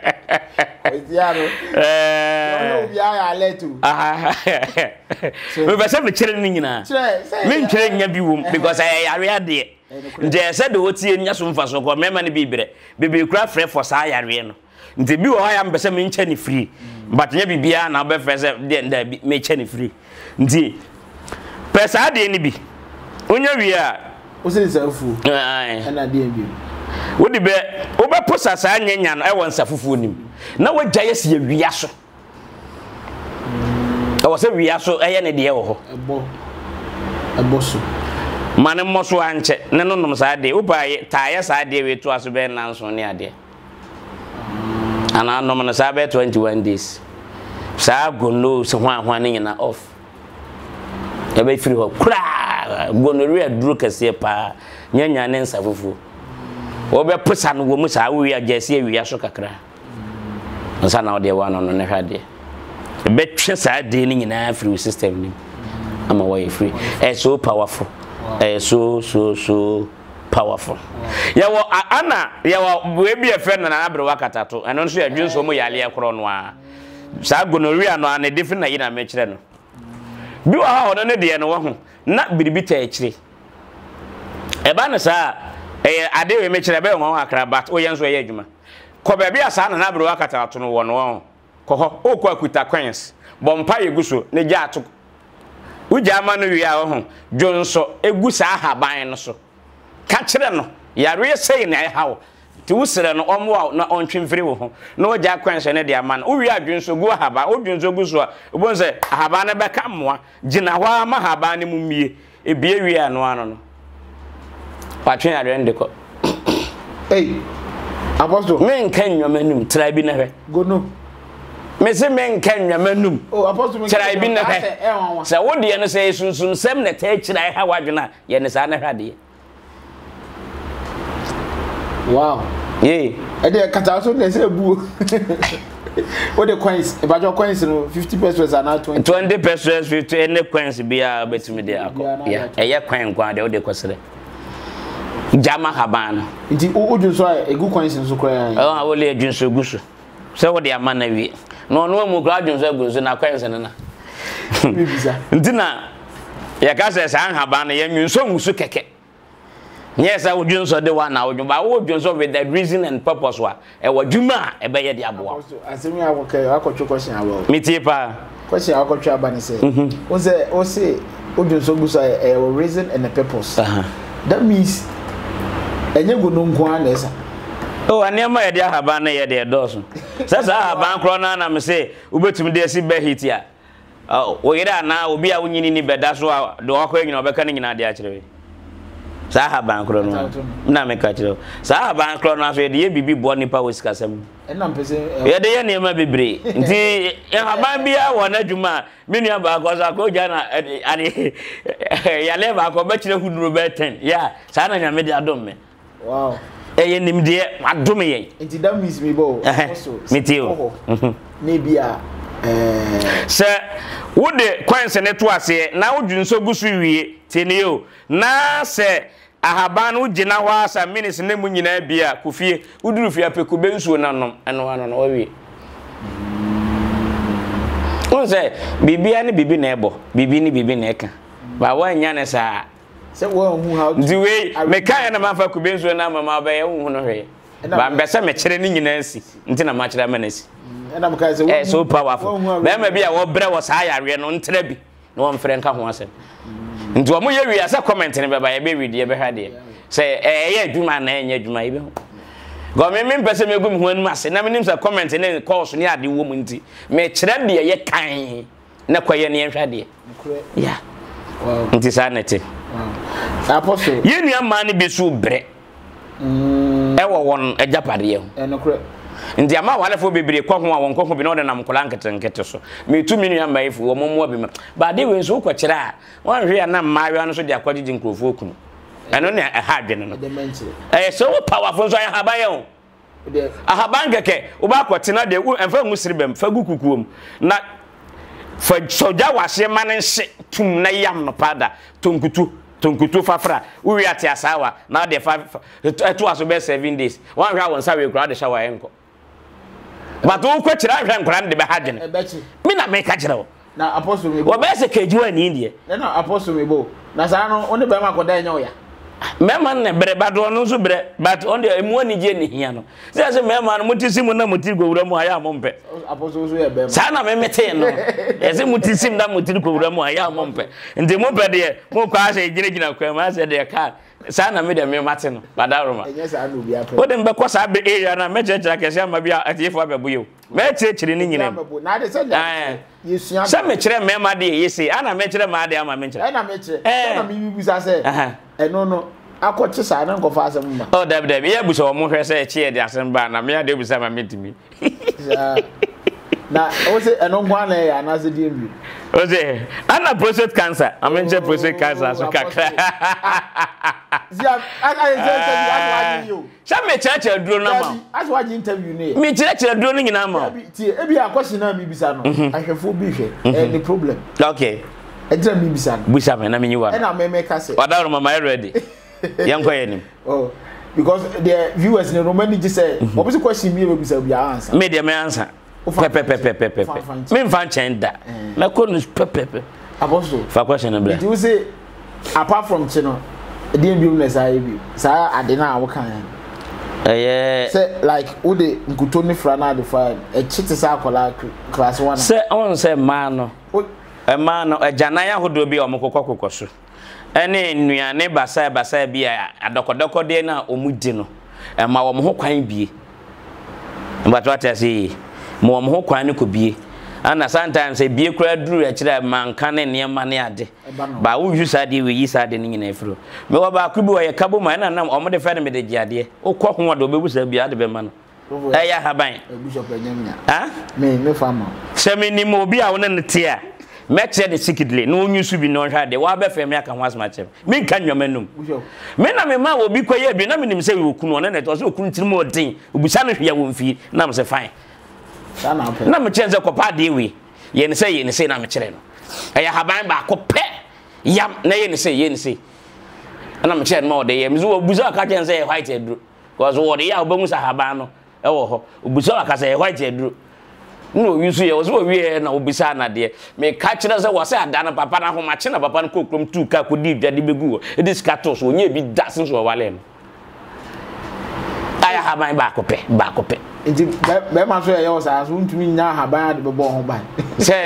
de mepɛ sɛ mekyerɛ no nyinaa mentwerɛ nya bi wom eh. because ɛyɛ yareɛ adeɛ nti ɛyɛ sɛ de wɔtie nya so mfa so kɔ mmarima no bibrɛ bebee kora frɛ fɔ saa yareɛ no nti bi wɔ hɔ a mpɛ sɛ menkyɛ ne firi but nyɛ biribiaa na wobɛfrɛ sɛ deɛ ndaabi mekyɛ ne firi nti pɛ saa adeɛ no bi wonya wie a wosene saa fuo ɛna adeɛ bio wodi bɛ sa saa no nsa fufuo nim na wagya yɛ si so ɛwɔ sɛ wia so ne ma ne mmɔ ne no nom saa deɛ wopaayɛ taayɛ saa deɛ wei toa nanso wɔbɛposa no wɔ mu saa wowie agya sɛ awia so kakra nsa na wodeɛ woano no ne hwɛ adeɛ ɛbɛtwe saa deɛ no nyinaa firi wo system no mu ama wɔyɛ firi ɛyɛ so powerful ɛyɛ so so so powerful yɛwɔ ana yɛwɔ webi ɛfɛ nana abere wakata to ɛno nso yɛdwe nso mu yaleɛ korɔ no a saa gonorrhea no a ne de fi na yi na mɛkyerɛ no bi wɔ hɔ a ɔno ne deɛ no wɔ ho na biribi ta akyire ɛba ne saa ɛyɛ ade wei mekyerɛ ɛbɛyɛ wɔn akra but woyɛ nso ɛyɛ adwuma kɔ baabi a saa nana abere wakata ato no ọhụrụ wɔn kɔ hɔ okɔ akuta gu so ne gya ato ama no wie a dwo nso egu saa ahaban no so ka kyerɛ no na ɛha wo nti wosrɛ no na ɔntwe mfiri wo ho na de ama no wowie nso gu ahaban wodwo nso gu so a sɛ ahaban no bɛka mmoa gyina hɔ ma no mu mmie ebie watwe adeɛ no de kɔ ei apostle menka nnwama nim tra bi na hwɛ gono mese menka nnwama nim oh, kyerɛ bi na hwɛ ah, eh, eh, eh, sɛ wodeɛ no sɛ ɛsunsun sɛm na taa kyerɛ ha w'adwene a yɛne saa na hwɛ adeɛ wow yee ɛdeɛ kata so na ɛsɛ buo what the coins about your coins no fifty pesos and not twenty. 20 pesos fifty. any coins be a bet me there yeah eh yeah coin kwa de what the cost jama habana nti wodwu a ɛgu kwan si nso koraa ɛwɔ o adwu so gu so sɛ wode ama no wi. na ɔno mu koraa so na kwan se na nti na yɛka sɛ saa nhaban ya yɛnwu nso keke. so kɛkɛ nyɛ wa na wodwu ba wodwu with reason and purpose wa a ne mhm. so a reason and purpose ɛnyɛ gu no nko ara na ɛsa o nneɛma yɛde ahaban no yɛde ɛdɔɔso sɛ saa ahaban korɔ no anam sɛ wobɛtumi de asi bɛhiti a woyere anaa obi a wonyini ni bɛda so a de wakɔ nyina ɔbɛka no nyinaa de akyerɛ wei saa ahaban korɔ no na meka kyerɛ saa ahaban korɔ no afei yɛde yɛ biribi boɔ nipa wɔ sikasɛm yɛde yɛ nneɛma bebree nti ahaban biara wɔ n'adwuma a me nua baakɔ so akɔ gya na ade yɛlɛ baakɔ bɛkyerɛ huduro bɛɛ ten yɛ saa na nyame de adom me wow ɛyɛ nimdeɛ wadome yɛn nti that means me me oh, oh. mm-hmm. a uh, eh. sɛ wode coins ne to na wodwe so wie tie o na sɛ ahaban no gyina hɔ asa minutes bi a kofie woduru fie apɛ kube nsuo no na bibi na saa sɛ wɔn hu how to. wei meka yɛ na ma fa kube nsuo na ama ma bɛyɛ hu no hwɛ ba mbɛsɛ mɛkyerɛ ne nyinaa si nti na makyerɛ ama no si. Mm, ɛna mo ka sɛ eh, wɔn hu so powerful bɛrima bi a wɔbrɛ wɔ saa yareɛ no ntɛrɛ bi na wɔn mfrɛ nka ho asɛm mm. nti wɔn yɛ wia sɛ comment eh, ne bɛba yɛbɛ wi deɛ bɛhwɛ deɛ sɛ ɛyɛ adwuma na ɛnyɛ adwuma yɛbɛ ho gɔmi mi mpɛ sɛ megu mi ho anim ase na mi nim sɛ comment ne kɔɔso ne ade wɔ mu nti mɛkyerɛ deɛ yɛ kan ne kɔyɛ ne yɛn hwɛ deɛ nti saa na ɛte. yɛn nua mmaa no bi so mm. ɛwɔ wɔn agyapadeɛ ho nti ama awalefoɔ bebree kɔ ho a wɔn kɔ bi na ɔde nam nkɔla nketenkete so metu me nua mmaa efu wɔn bi ma baade nso a na mmaayewa no so de nkurɔfoɔ kunu ɛno ne ɛha adwene no ɛyɛ sɛ pawafo nso o ahaban kɛkɛ deɛ siri bɛm gu kukuo mu na sɔgya wɔ aseɛ ma ne na yam tonkutu fafra wowie ate asaawa na wode fa a so bɛyɛ seven days woanhwɛ a wo nsa wei kora wode hyɛ waɛ nkɔ but wokɔ kyerɛ ahwɛ nkora no de bɛha dwene me na meka kyerɛ wo wɔbɛyɛ sɛ kagyiwa ani deɛ na saa no wo ne bɛma akɔda ɛnyɛ wo mmarima no na brɛ badoɔ no nso brɛ but ɔn deɛ emu anigye ne hia no sɛ sɛ na motiri kɔwura mu ayɛ a mompɛ saa na memetee ya ɛsɛ mote sim na motiri kɔwura mu ayɛ a mompɛ nti mopɛ deɛ mokɔ asɛ gyinagyina kwan mu asɛ deɛ kaa saa na me deɛ memate no badaroma a mɛkyerɛkyerɛ a atiefoɔ abɛbo ɛno no akɔkye saa ne nkɔfa asɛm ma ɔ oh, dabi dabi yɛ busa wɔn hwɛ sɛ ɛkyi yɛ de asɛm ba na mmea de busa ma mi tumi na o se ɛno nko ana yɛ anaasɛ deɛ bi o se ana prostate cancer ame n kyɛ prostate cancer so kakra sɛ mekyerɛkyerɛ duro no ma mekyerɛkyerɛ duro no nyinaa ma ebi akɔhye no a mebisa no mhm. ahwɛfoɔ bi hwɛ mhm. ɛne problem okay ɛgyina mi bisa no bisa mi na mi nyi wa no ɛna mɛmɛ ka sɛ ɔda roma ma yɛ e ready yɛn kɔ yɛ nim oh, because the viewers ni Roman, ni gye sɛ wɔn bɛ se question mi yɛ bɛ bisa bi a ansa mi deɛ mɛ ansa pɛpɛpɛpɛpɛpɛ mi nfa nkyɛn da mɛ eh. kɔ nu pɛpɛpɛ abɔso fa question bila nti o se apart from kye no ɛdin bi mu na saa yɛ bi saa ade na awo kan yɛn ɛyɛ sɛ like wo de nkuto ne fura na ade fa ɛkyi te sɛ akɔla class one sɛ ɔn sɛ mmaa no. ɛma no agyanan ahodoɔ bi a wɔn kokɔ kokɔ so ɛne nnuane basaa basaa bi a adɔkɔdɔkɔdeɛ no a wɔn di no ɛma ho kwan bie mbatoa te ase ma wɔn ho kwan no kɔ bie ana sometimes ebie kura duru a manka ne nneɛma ne ade saa saa deɛ nyinaa baako bi ma ɛna nam ɔmo de gye adeɛ ho saa ade no ɛyɛ ahaban sɛ obi a ne mɛkyerɛ de sikidile na onyu so bi na ɔhwɛ adeɛ wabɛfɛ mi aka ho asoma kyerɛ mi nka nneɛma num mi na mi ma wɔ bi kɔ yɛ bi na mi nim sɛ okunu ɔne na ɛtɔ so okunu tirim ɔden obusa no hwɛ wɔn fi na mi sɛ fain na mi kyerɛ sɛ kɔpa adeɛ wi yɛ ne sɛ yɛ na mi kyerɛ no ɛyɛ haban baako pɛ yam na yɛ ne sɛ yɛ ne sɛ ɛna mi kyerɛ no ma ɔde yɛ mi so obusa ɔka kyerɛ sɛ yɛ white aduro kɔsɔ wɔde yɛ a ɔbɛngu no ɛwɔ hɔ obusa ɔka sɛ na owi so yɛ wɔsɛ owi yɛ na obisa anadeɛ meka kyerɛ sɛ wɔsɛ ada no papa no ahoma kye na papa no kɔ kurom tuu ka kɔdi dwa de bɛgu hɔ ɛde sika too so ɔnyɛ bi da sen so ɔwale no ayɛ haban baako pɛ baako pɛ nti bɛrima so yɛyɛ wɔ saa so wontumi nya haban ade bɛbɔ ho ban sɛ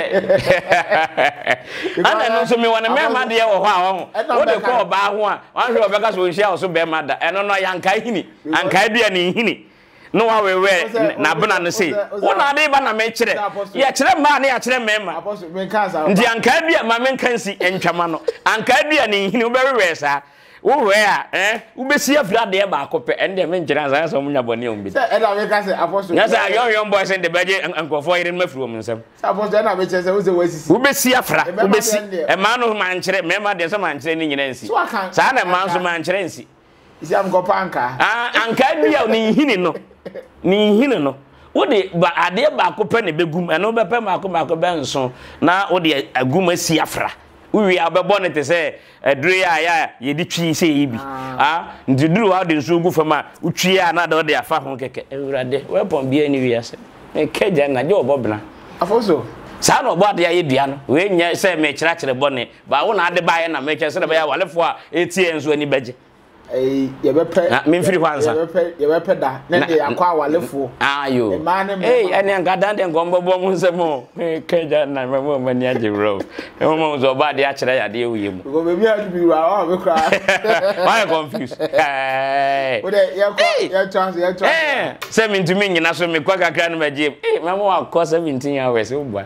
ana no nso mewɔ ne mmarima deɛ wɔ hɔ a wɔho wode kɔ ɔbaa ho a wanhwɛ ɔbɛka sɛ ɔnhyia wo so bɛrima da ɛno no yɛ ankae hini ankae dua ne nhini na wa we na bena no sei wo na de ba na me kyerɛ yɛ kyerɛ ma ne yɛ kyerɛ mɛma nti anka dua ma me nka nsi ntwama no anka dua ne nhini wo bɛwewɛ saa wo wɛ a eh wo bɛsi afira deɛ baako pɛ ɛn deɛ me nkyerɛ saa sɛ mo nya bɔne a wo bi sɛ ɛna me ka sɛ apɔso nya sɛ yɔn yɔn bɔ sɛ de bɛgye nkɔfoɔ yere no mafiri wɔ mu nsɛm sɛ apɔso ɛna me kyerɛ sɛ wo sɛ wasisi wo bɛsi afira wo bɛsi ɛma no mankyerɛ mɛma deɛ sɛ mankyerɛ ne nyina nsi saa na ɛma nso mankyerɛ nsi isi amkɔpa ah, anka anka dua ne nhini no ne nhini no wode ba adeɛ baako pɛ ne bɛgum ɛno bɛpɛ maako maako bɛ nso na wode agum asi afra wowie abɛbɔ ne te sɛ aduro ya ya yɛ a yɛde twii yi bi ah. Ah, nti duru hɔ de nso gu fam a wotwie a na de afa ho kɛkɛ awurade wɛpɔn bia ne wiase meka gya na gye wɔbɔ bena afoso saa na ɔbɔ adeɛ ayɛ dua no wei nyɛ sɛ mekyerɛkyerɛ bɔne baa wo na ade baayɛ na mekyerɛ sɛ na bɛyɛ awalefoɔ a ɛtie nso ani bɛgye Eh, memfiri hɔ ansayɛbɛpɛ da ne de akɔ awalefoɔ ayo ɛne ankada de nkɔmbɔbɔ mu nsɛm o kagya namamɔ mani agye werɛ o ɛmoma sɛ ɔba adeɛ akyerɛ yɛ adeɛ woyɛ muwayɛ confuse sɛ mentumi nyina so mekɔ kakra no magyem mama wakɔ sɛ mentin hours woboa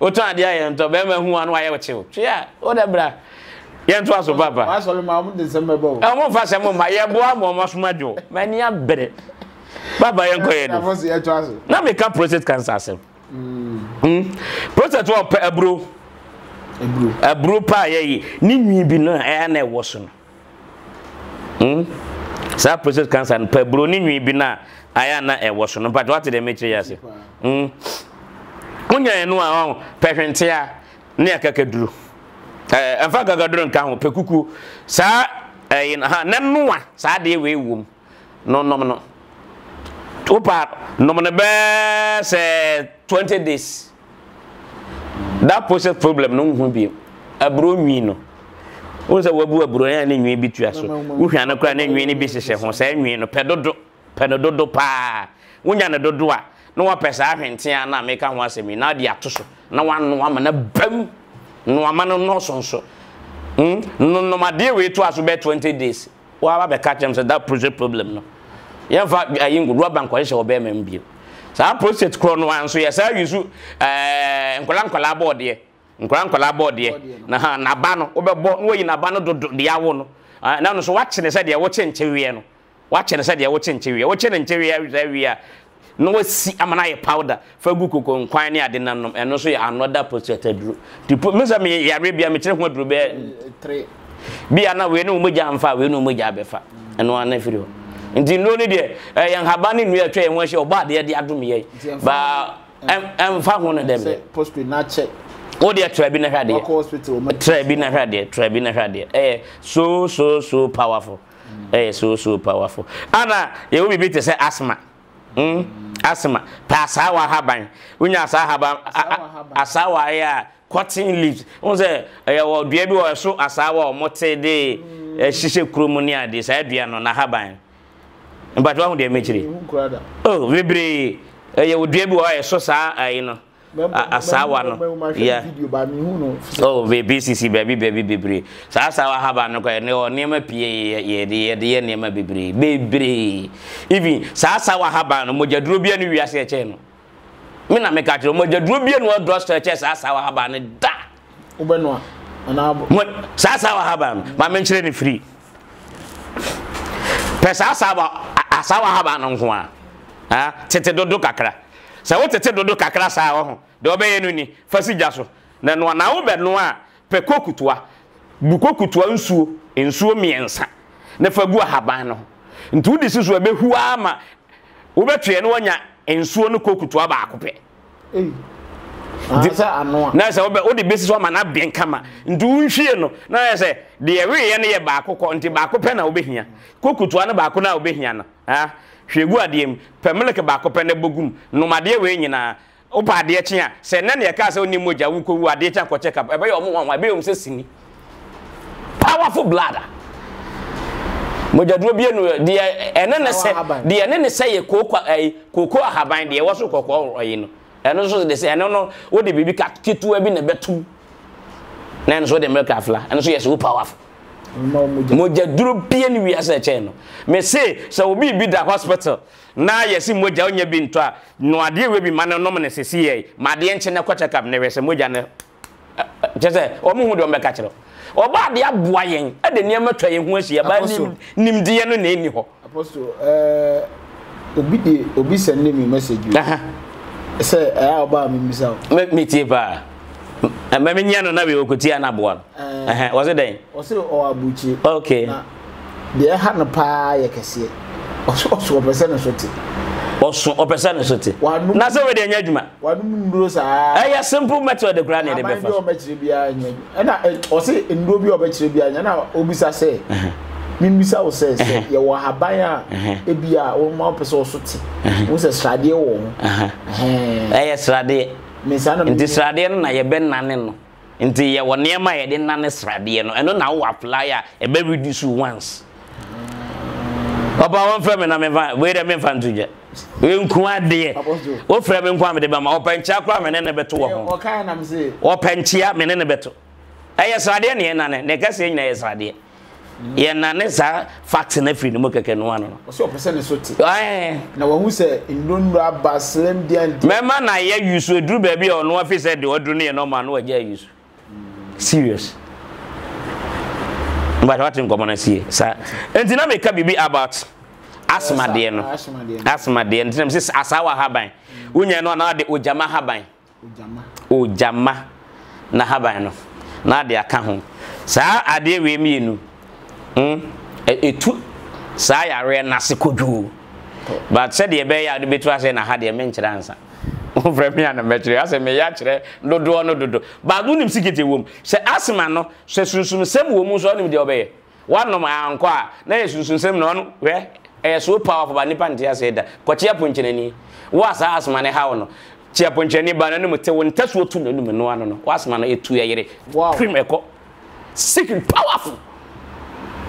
wotɔ adeɛ a yɛn tɔ bɛrima hu ano ayɛ wɔkyew tia o da bra yɛn to aso papa. asɔre mo ah, fa sɛ mo ma yɛ bo ama ɔmo asoma jo ma ni abere baba yɛn kɔ yɛ do. ɛfɔ si ɛtɔ aso. na mi ka prostate cancer asɛm. Hmm. Hmm? prostate wɔ pɛ aburo. aburo pa paa yɛ yi ne nwi bi no ɛyɛ na ɛwɔ so no saa prostate cancer no pɛ aburo ni nwi bi no ayɛ eh, na ɛwɔ e so no mpatɛ wate deɛ mɛkyerɛ yɛ ase wonyɛn no a ɔn pɛhwente a ne akaka duro ɛɛ ɛnfa akaka duro nka ho pɛkukuo saa ɛɛ ha nanoa saa adeɛ wei wɔm no nom no wopa nom no bɛɛ sɛ twenty days that process problem no nhu bi aburo nwi no wọn sɛ wabu aburo yɛn ne nwi bi tua so wohwɛ anakora ne nwi ne bi hyehyɛ ho saa nwi no pɛ dodo pɛ no dodo paa wonya ne dodo a. n'ụwa wapɛ saa ahwentea na meka ho asɛm na de ato so na ma na bam noama no nɔɔso nso hmm? nnụnụ wei to a so 20 days woaba bɛka kyerɛm that project problem no ayi m bio saa prostate korɔ no saa yusu eh, nkɔla nkɔla bɔɔdeɛ nkɔla nkɔla na ha naba no wobɛbɔ na wayi naba ah, na no so no na wasi ama na yɛ powder fa gu koko nkwan ne ade nanom ɛno so yɛ another processed aduro tipo me sɛ me yare bia me kyerɛ ho aduro bɛ three bia na wei ne wo mogya amfa wei ne wo mogya abɛfa ɛno ana firi hɔ nti nnuo ne deɛ ɛyɛ nhaba ne nnua atwa yɛ ho ahyɛ ɔba adeɛ de adom yɛ ba ɛmfa ho no dɛm sɛ post na kyɛ wo deɛ tra bi na hwɛ adeɛ tra bi na hwɛ adeɛ tra bi na hwɛ adeɛ ɛyɛ so so so powerful mm. ɛyɛ so so powerful ana yɛwɔ biribi te sɛ asthma Hmm? asima pɛ asaawa haban wonya asaawa asaawa yɛ a cotton leaves wọn sɛ ɛyɛ wɔ dua bi wɔ ɛso asaawa a wɔte de ɛhyehyɛ hmm. kurom ne ade saa dua no na haban mpatwa ho deɛ mɛkyire oh bebree eh, ɛyɛ wɔ dua bi wɔ ɛso saa ɛyi no. asawa no yeah oh baby sisi baby baby bebre sa asawa haba no kwa ne o nema pie ye de ye de ye nema bebre bebre even saa asawa haba no mojaduro bia no wiase eche no me na me ka kire mojaduro bia no odro store eche asawa haba ne da ubeno ana abo sa asawa haba no ma me nchire ne free pɛ sa asawa asawa haba no nko a ha tete dodo kakra sɛ wo tete dodo kakra saa wɔ ho deɛ ɔbɛyɛ no ni Fasi si gya so na noa na wobɛnoa a pɛ kokutoa bu kokutoa nsuo nsuo mmiɛnsa na fa gu ahaban no ho nti wode si so ɛbɛhu ara ma wobɛtweɛ no wanya nsuo no kokutoa baako pɛ na sɛ wode bɛsi so ama no abɛn kama nti wonhwie no na yɛ sɛ deɛ weeyɛ no yɛ baako kɔ nti baako pɛ na wobɛhia kokutoa no baako no a wobɛhia no hwɛ gu adeɛ mu pɛ meleke baako pɛ no bɔgum nomadeɛ wei nyinaa wopɛ adeɛ kye a sɛ nna neɛ kaa sɛ wonim mogya wokɔwu adeɛ kye akɔkyɛ ka ɛbɛyɛ ɔmo wanwa ɛbɛyɛ ɔm sɛ sini powerful bladder. a mogyaduro bie no deɛ ɛne ne sɛ deɛ ɛne ne sɛ yɛ kooko ɛyi kooko ahaban deɛ ɛwɔ so kɔkɔɔ ɔyi no ɛno nso de sɛ ɛno no wode biribi ka ketewa bi na ɛbɛtum na ɛno nso de mmerɛ afla ɛno nso yɛ sɛ wo powerful mogya duro bia ne wiase kyɛn no me se sɛ obi bi da hospital na yɛsi mogya onya bi ntɔ a no adeɛ wɛ bi ma no nom ne sesi yɛ ma adeɛ nkyɛ ne kɔ check up ne wɛ sɛ mogya no kyɛ sɛ ɔmo hu deɛ ɔmbɛka kyerɛ ɔba adeɛ aboa yɛn ɛde nneɛma twa yɛn ho ahyia ba nimdeɛ no na ɛni hɔ apostle ɛɛ obi de obi sɛ ne mi message o sɛ ɛyɛ a ɔbaa mi misa o. me tie paa. mɛmɛ nyɛ no eh. oh, na wei ɔkɔti a no ok paa te te na sɛ wode ɛnyɛ adwuma wanom nnuro saa ɛyɛ eh, simple method koraa ne ɛde bɛfa ɔbɛkyerɛ biara nyɛ ɛna ɔse nnuro bi ɔbɛkyerɛ biara nyɛ na ɔbisa sɛ mimbisa wo sɛ sɛ ebi te wo nti sradeɛ no na yɛbɛnane no nti yɛwɔ nneɛma a yɛde nane sradeɛ no ɛno na wowɔ apply a ɛbɛ reduce once ɔba wɔmfrɛ me na memfa weidɛ memfa nto gya nku adeɛ wofrɛ me nko a mede bama ɔpɛnkyea koraa mene ne bɛto wɔ ho ɔpɛnkyea mene ne bɛto ɛyɛ sradeɛ ne ɛnane ne ɛkɛseɛ nyina yɛ sradeɛ Mm-hmm. na ne saa fact na firi ne mu kɛkɛ no ano mɛma na yɛ yusu aduru baabi a ɔno afi sɛ deɛ ɔduru no yɛ nɔma no wagya yusu mm-hmm. serious but wate nkɔmmɔ no sie saa enti na meka biribi about no no ntinam sɛ asaa wɔ mm. haban no ogyama haban ogyama na haban no na ade aka ho saa adeɛ wei mmienu ɛtu hmm? e, saa yareɛ nase kodwoo but sɛdeɛ ɛbɛyɛ a wode bɛtu asɛ na ha deɛ menkyerɛ ansa wofrɛ me a na mɛkyerɛ asɛ meyɛ akyerɛ dodoɔ no dodo but wonim sikete wom sɛ asema no sɛ sunsumsɛm wɔ mu so wonim deɛ wobɛyɛ woanom ankɔ a na yɛ sunsumsɛm na ɔno hwɛ ɛyɛ so powerful ba nipa nte asɛ da kɔkye apɔnkyerɛni wo a saa asema ne haw no kye apɔnkyerɛni ba no anim te wo ntasuo tu n'anim noa no no woasema no ɛtu ɛyere prim ɛkɔ sikin powerful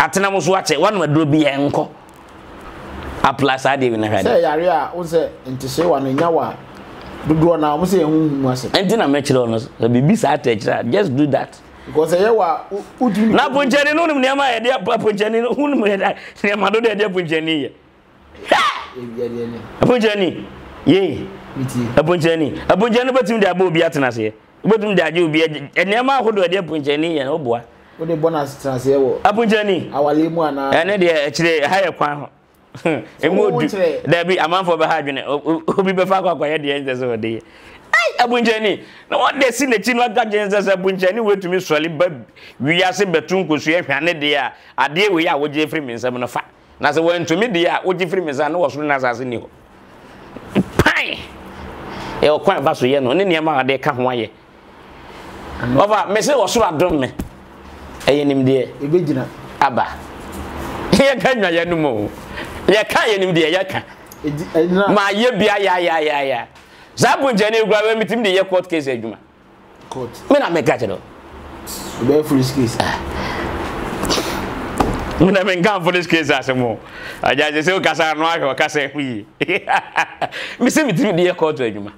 atena mo so akyɛ wɔn aduro bi yɛn nkɔ apla saa deɛ bi na hwɛ de. sɛ yare a o sɛ ntɛsɛ wa no nya wa dodoɔ na wɔn sɛ yɛn huhu mu ase. ɛnti na mɛkyerɛ wɔn no sɛ biribi saa atɛ kyerɛ a just do that. because ɛyɛ wa o tumi. na ponkyɛni no nim nneɛma a yɛde ponkyɛni no nim nneɛma dodo yɛde ponkyɛni yɛ. ponkyɛni yee ponkyɛni ponkyɛni bɛtumi de abɔ obi atena seɛ bɛtumi de agye obi nneɛma ahodoɔ yɛde ponkyɛni yɛ no boa wode bɔ no asetenaseɛ wɔ apunkyani awale mu anaa ɛne deɛ akyire ha kwan ho ɛmu odu daabi amanfoɔ bɛha adwene obi bɛfa akɔ akɔyɛ deɛ nsɛ sɛ ɔde yɛ abunkyani na wɔn de si n'akyi na ɔka kyerɛ nsɛ sɛ abunkyani wetumi sɔli ba wiase bɛtu nkosua hwane deɛ a adeɛ wei a wogye firi mi nsɛm no fa na sɛ wɔntumi deɛ a wogye firi mi nsɛm no wɔ soro n'asase ni hɔ pan ɛwɔ kwan ba so yɛ no ne nneɛma a wɔde ka ho ayɛ wɔfa mɛ sɛ wɔ soro adom me ɛyɛ nimdeɛ ɛbɛgyina aba yɛka nnwayɛ no mu yɛka yɛ nimdeɛ yɛka ma yɛ bia yayayaya saa bonkyɛ ne ɛgura wɛmetimi de yɛ court case adwuma mena meka kyerɛ ah. mena menka police case ase mu agyagye sɛ wokasa no ahwɛ ɔkasa ho yi mesɛ metimi de yɛ court adwuma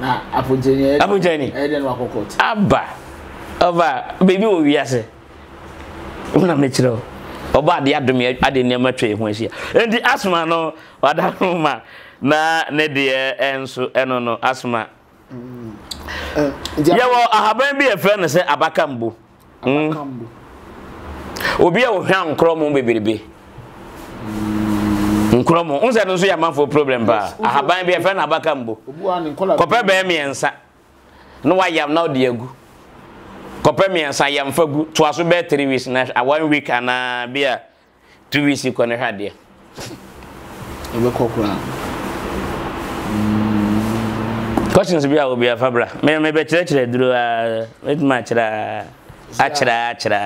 ah, court. aba ɔba baabi wɔ wiase wonam no kyerɛ wo ɔba ade adome ade nneɛma twa yɛ ho ahyia enti asoma no wada no ma na ne deɛ ɛnso eh, ɛno eh, no asoma mm. eh, yɛwɔ ahaban bi yɛfrɛ no sɛ abakambo mm. obi a wɔhwɛ nkorɔmo bebrebe mm. nkorɔmo n sɛ no nso yɛ amanfoɔ problem paa ahaban bi yɛfrɛ no abakambo kɔpɛ bɛɛ mmiɛnsa na wayam na wode agu kɔpɛ mmiɛnsa yɛmfa gu toa so bɛɛ three weeks na a one week anaa bi a two weeks kɔ ne hwɛ adeɛ. ɛbɛkɔ koraa. questions bi a obi afa bra mɛ mɛ bɛ kyerɛkyerɛ duro a mɛ tuma akyerɛ akyerɛ akyerɛ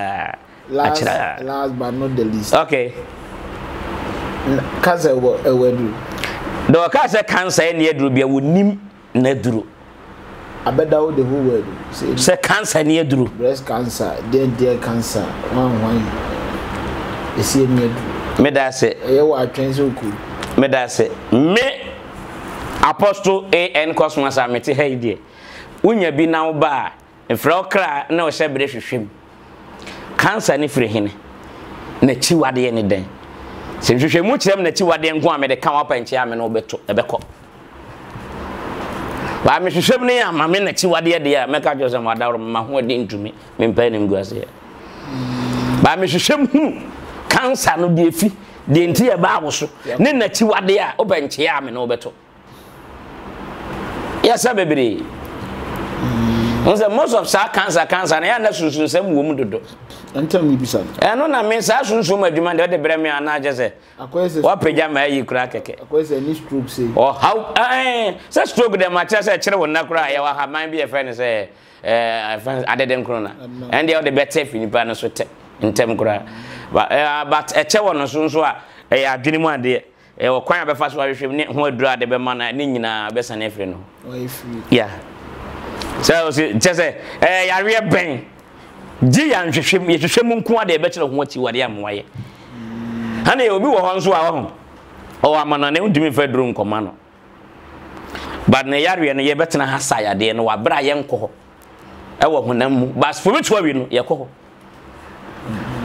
akyerɛ. last but not the least. okay. kansa ɛwɔ ɛwɔ aduro. dɔw kansa kansa yɛ ni ɛduro bi a nim na aduro abɛda the whole world. sɛ cancer ni eduro. breast cancer den cancer wan wan esi emi eduro. mi da se. ɛyɛ wa atwɛn sɛ oku. mi da se mi apostol an cosmos a mi ti ha yi deɛ wunya bi na wo ba a nfura okra na ɔhyɛ bere hwehwɛ mu cancer ni firi hene n'akyi wadeɛ ni den sɛ nhwehwɛ mu kyerɛ mu n'akyi wadeɛ nko a mi de ka wɔn apɛnkyɛn a mi na ɔbɛto ɛbɛkɔ ba me hwehwem ne ama me na kiwadeɛ deɛ a mɛka kyerɛ sɛ madaworo ma ho ɔde ntumi mempɛ nim gu ba me hwehwem hunu kansa no deɛ fi deɛ nti yɛba wo so ne nakyiwadeɛ a wobɛnkyeɛ a me na wobɛto yɛsɛ bebree n most of saa cancer cancer na yɛn na sunsunsɛm wɔ mu dodo. ntɛm yi bisa. ɛno na mi saa sunsun mu adwuma deɛ ɔde brɛ mi ana agye sɛ. akɔyɛ sɛ wapagya ma ayi kura kɛkɛ. akɔyɛ sɛ ni stroke se. ɔhaw ɛɛn sɛ stroke dɛm akyerɛ sɛ ɛkyerɛ wɔn nakora a yɛwɔ ahaman bi yɛfɛ no sɛ ɛɛ ɛfɛn adɛdɛ nkron na ɛn deɛ ɔde bɛtɛ fi nipa no so tɛ ntɛm kora but ɛkyɛ wɔ no so nso a ɛyɛ adwene mu adeɛ ɛwɔ kwan a bɛfa so ahwehwɛ ne ho aduro a bɛma na ne nyinaa bɛsane afiri no. ɔyɛ yeah. kyɛ sɛ yareɛ bɛn gye yɛhwehwɛ mu nko ade ɛbɛkyerɛ ho ati wade amoayɛ ana yɛ obi wɔ hɔ nso a wɔho ɔwɔ amanane wotumi fa duro nkɔma no but ne yareɛ no yɛbɛtena ha sa yadeɛ no w'abere a yɛnkɔ hɔ ɛwɔ honam mu bas fometoa wi no yɛkɔ hɔ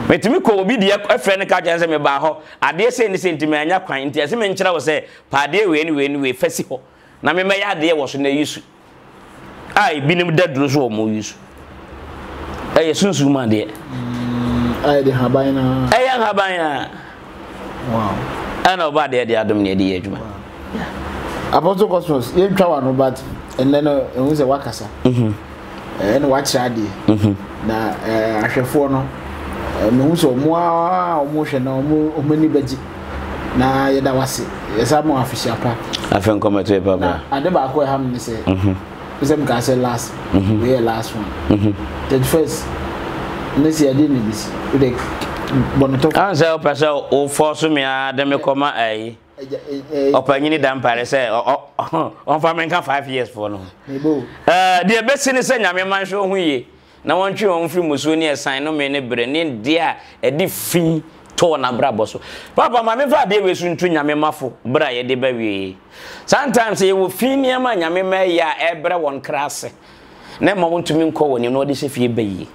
mɛtumi kɔ obi deɛ ɛfrɛ no ka kyɛn sɛ mebaa hɔ adeɛ sei ne sɛ nti kwan nti ɛsɛ menkyerɛ sɛ paadeɛ wei ne wei ne wei si hɔ na adeɛ wɔ so na yi su a ebinom da duro so wɔ mo yi so ɛyɛ sunsun mu adeɛ. ɛyɛ de haban na. ɛyɛ haban na. ɛna ɔba adeɛ de adum ne ɛde yɛ adwuma. apɔtɔ cosmos yɛn twa wa no but ɛnɛ no ehun sɛ wakasa. Mhm. ɛna wakyerɛ adeɛ. Mhm. na ɛɛ eh, ahwɛfoɔ no eh, mehun sɛ ɔmo a ɔmo hwɛ na ɔmo ɔmo ani bɛgye na yɛda wase yɛsa mo afihyia pa. afɛn kɔmɛtɔ yɛ papa. na ade baako ɛha mi sɛ. Mhm. sɛ meka sɛ last weyɛ last one mm-hmm. mm-hmm. The first ne si yɛde ne bisi wode bɔnetɔ an sɛ wopɛ sɛ wofɔ so mea de me kɔma ah, eh, eh. eh, ayi ɔpanyini da mpare sɛ ɔmfa menka five years foɔ no deɛ ɛbɛsi ne sɛ nyame ma nhwɛ wo ho yie na wɔntwe wɔn firi musuo ne ɛsan no me ne berɛ ne deɛ a ɛde fi to wɔn abrabɔ so papa maame fa adeɛ wei so ntu nyame mafo bere a yɛde ba wie sometimes yɛwɔ fi nneɛma nyame ma yɛ a ɛbrɛ wɔn kra ase na ɛma wɔntumi nkɔ wɔn anim na wɔde hyɛ fie ba yie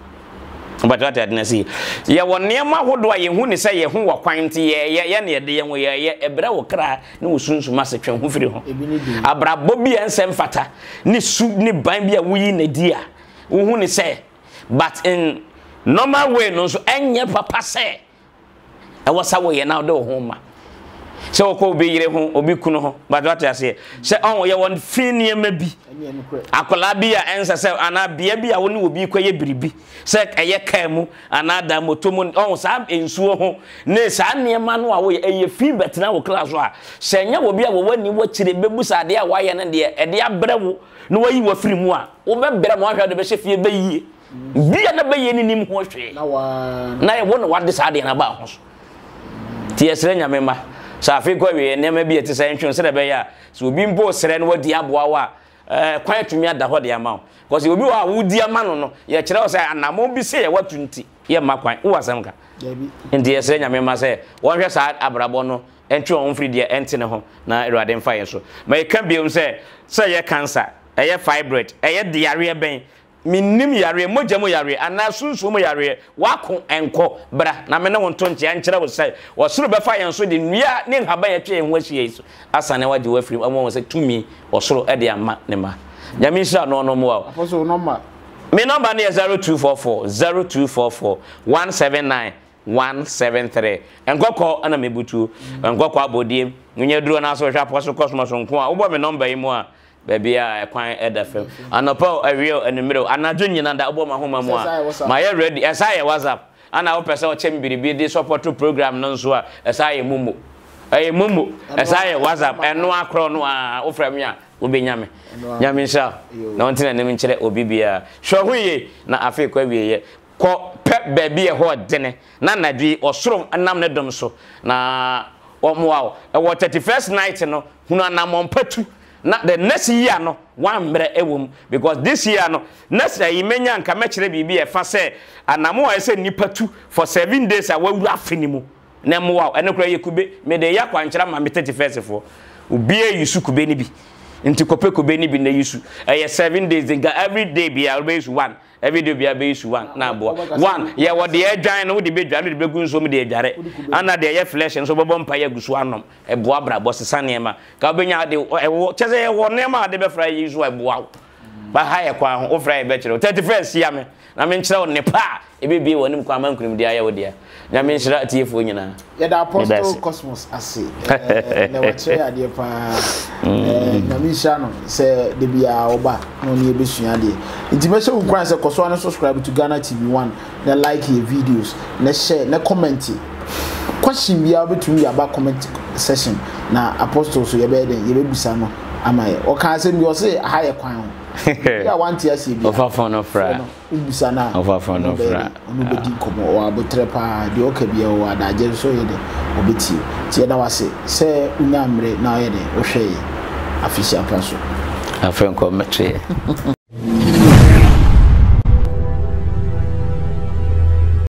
but what I see yɛwɔ nneɛma ahodoɔ a yɛhu ne sɛ yɛho wɔ kwan nti yɛyɛ yɛ ne yɛde yɛn ho yɛyɛ ɛbrɛ wɔ kra ne wɔ sunsum ase twɛn ho firi ho abrabɔ bi a nsɛm fata ne su ne ban bi a woyi na di a wohu ne sɛ but in normal way no nso ɛnyɛ papa say ɛwɔ sa wɔyɛ na ɔde wo ho ma sɛ wɔkɔ obi yere ho obi kunu ho bato ate aseɛ sɛ ɔn yɛ wɔn fi nneɛma bi akwadaa bi a ɛnsa sɛ anaa bea bi a wɔn ne obi kɔ yɛ biribi sɛ ɛyɛ kaa mu anaa da moto mu ɔn saa nsuo ho ne saa nneɛma no a wɔyɛ ɛyɛ fi bɛtena wɔ kila so a sɛ nyɛ obi a wɔwɔ ani wɔkyerɛ bɛbu saa adeɛ a wɔayɛ no deɛ ɛde abrɛ wo na wɔayi wɔ firi mu a wɔbɛbrɛ mo ahwɛ de bɛhyɛ fie bɛyie bia na bɛyɛ ne nim ho hwee na yɛ wɔn na wɔade saa adeɛ na ba ho so nti yɛsrɛ nyame ma sɛ afei kɔ awieɛ nneɛma bi ɛte sɛ ntwe sɛdɛ bɛyɛ a sɛ obi mpo srɛ no wadi aboa wo a kwan atumi ada hɔ de ama wo because obi wɔ a wodi ama no no yɛkyerɛ wo sɛ anammɔ bi sɛ yɛwatu nti yɛmma kwan wowɔ asɛm ka nti yɛsrɛ nyame ma sɛ wɔnhwɛ saa abrabɔ no ɛntwe wɔn mfiri deɛ ɛnte ne ho na awurade mfa yɛ so ma yɛka biom sɛ sɛ ɛyɛ cancer ɛyɛ fibroid ɛyɛ diareɛ bɛn menim yareɛ mogya mu yareɛ anaa sunsuo mu yareɛ wako ɛnkɔ bra na me ne wo nto nkyea nkyerɛ wo sɛ wɔsoro bɛfa yɛn so de nnua ne nhaban yɛtwe yɛn ho ahyia yi so asane wagye woafiri mu ama wɔ sɛ tumi wɔsoro ɛde ama ne ma nyame nhyira no ɔno mmoa wo me number no yɛ 0244 0244 179 173 nkɔkɔ ana mebutuo nkɔkɔ abɔdiem nyɛ duro no asɛ wohwɛ apɔ so kɔsomɔ so nko a wobɔ me number yi mu a baabi a ɛkwan ɛda fam anɔpɔ awie anumere anadwo nyina da wobɔ mahoma mu a mayɛ ready ɛsa yɛ whatsapp ana wopɛ sɛ ɔkyɛm biribi de support program no nso a ɛsa yɛ mumu ɛyɛ mumu ɛsa yɛ whatsapp ɛno akorɔ no a wofrɛ me a wobɛnya nyame nhyira na ɔntena anim nkyerɛ obi biara hwɛ ho yie na afei kɔ awieɛ kɔ pɛ baabi yɛ hɔ dene na nadwi ɔsoro nam ne dom so na ɔmoa wo ɛwɔ 31st night no hunu anammɔmpatu na the next year no one mmerɛ ɛwɔ mu because this year no next year yi menya nka mɛkyerɛ biribi ɛfa e sɛ anamu a ɛsɛ e nipa tu for seven days a wawura afe ne mu na mmoa ɛne kora yekube. kube mede yɛ akwankyerɛ ma me thirty first foɔ obiara e yi kube ne bi nti kɔpɛ kube ne bi na yi su ɛyɛ seven days nka every day bi always one every day bia bɛyi su one na aboa one yɛ wɔ deɛ ɛdwan no wode bɛdware wode bɛgu nsuo mu de ɛdware ana de ɛyɛ flesh nso bɛbɔ mpa yɛ agu so anom ɛboa e brabɔ sesa nneɛma ka de, ade ɛwɔ kyɛ sɛ yɛwɔ nneɛma a de bɛfra yi so ɛboa wo baha yɛ kwan ho wofra yɛ bɛkyerɛ wo 31 sia me na menkyerɛ wo nnepa a e ɛbɛbie w'anim kwan ma de ayɛ wo deɛ nyame nhyira atiefoɔ nyinaa yɛda apostle cosmos ase eh, na wakyerɛ adeɛ paa eh, mm. nyame nhyira no sɛ da biaa woba na ɔne yɛbɛsua adeɛ nti mɛhyɛ wo nkwan sɛ kɔsoa no subscribe to ghana tv 1 na like yɛ videos na hyɛ na comment question biaa wobɛtumi ba comment session na apostle so yɛbɛyɛ den yɛbɛbusa no ama yɛ ɔkaa sɛm bi ɔse aha yɛ kwan yà wà ntí ẹsẹ bi ọfà fún ọ fura ọbùsà náà ọfà fún ọ fura ọmọ bẹ di nkọmọ ọ abotire paa deɛ ɔka bi ɛwɔ adagye nso yɛ dɛ ɔbɛ tie tie na wase sɛ unyamire na ɔyɛ dɛ ɔhwɛ yɛ afisi afa so afɛ nkɔmɛtwe yɛ.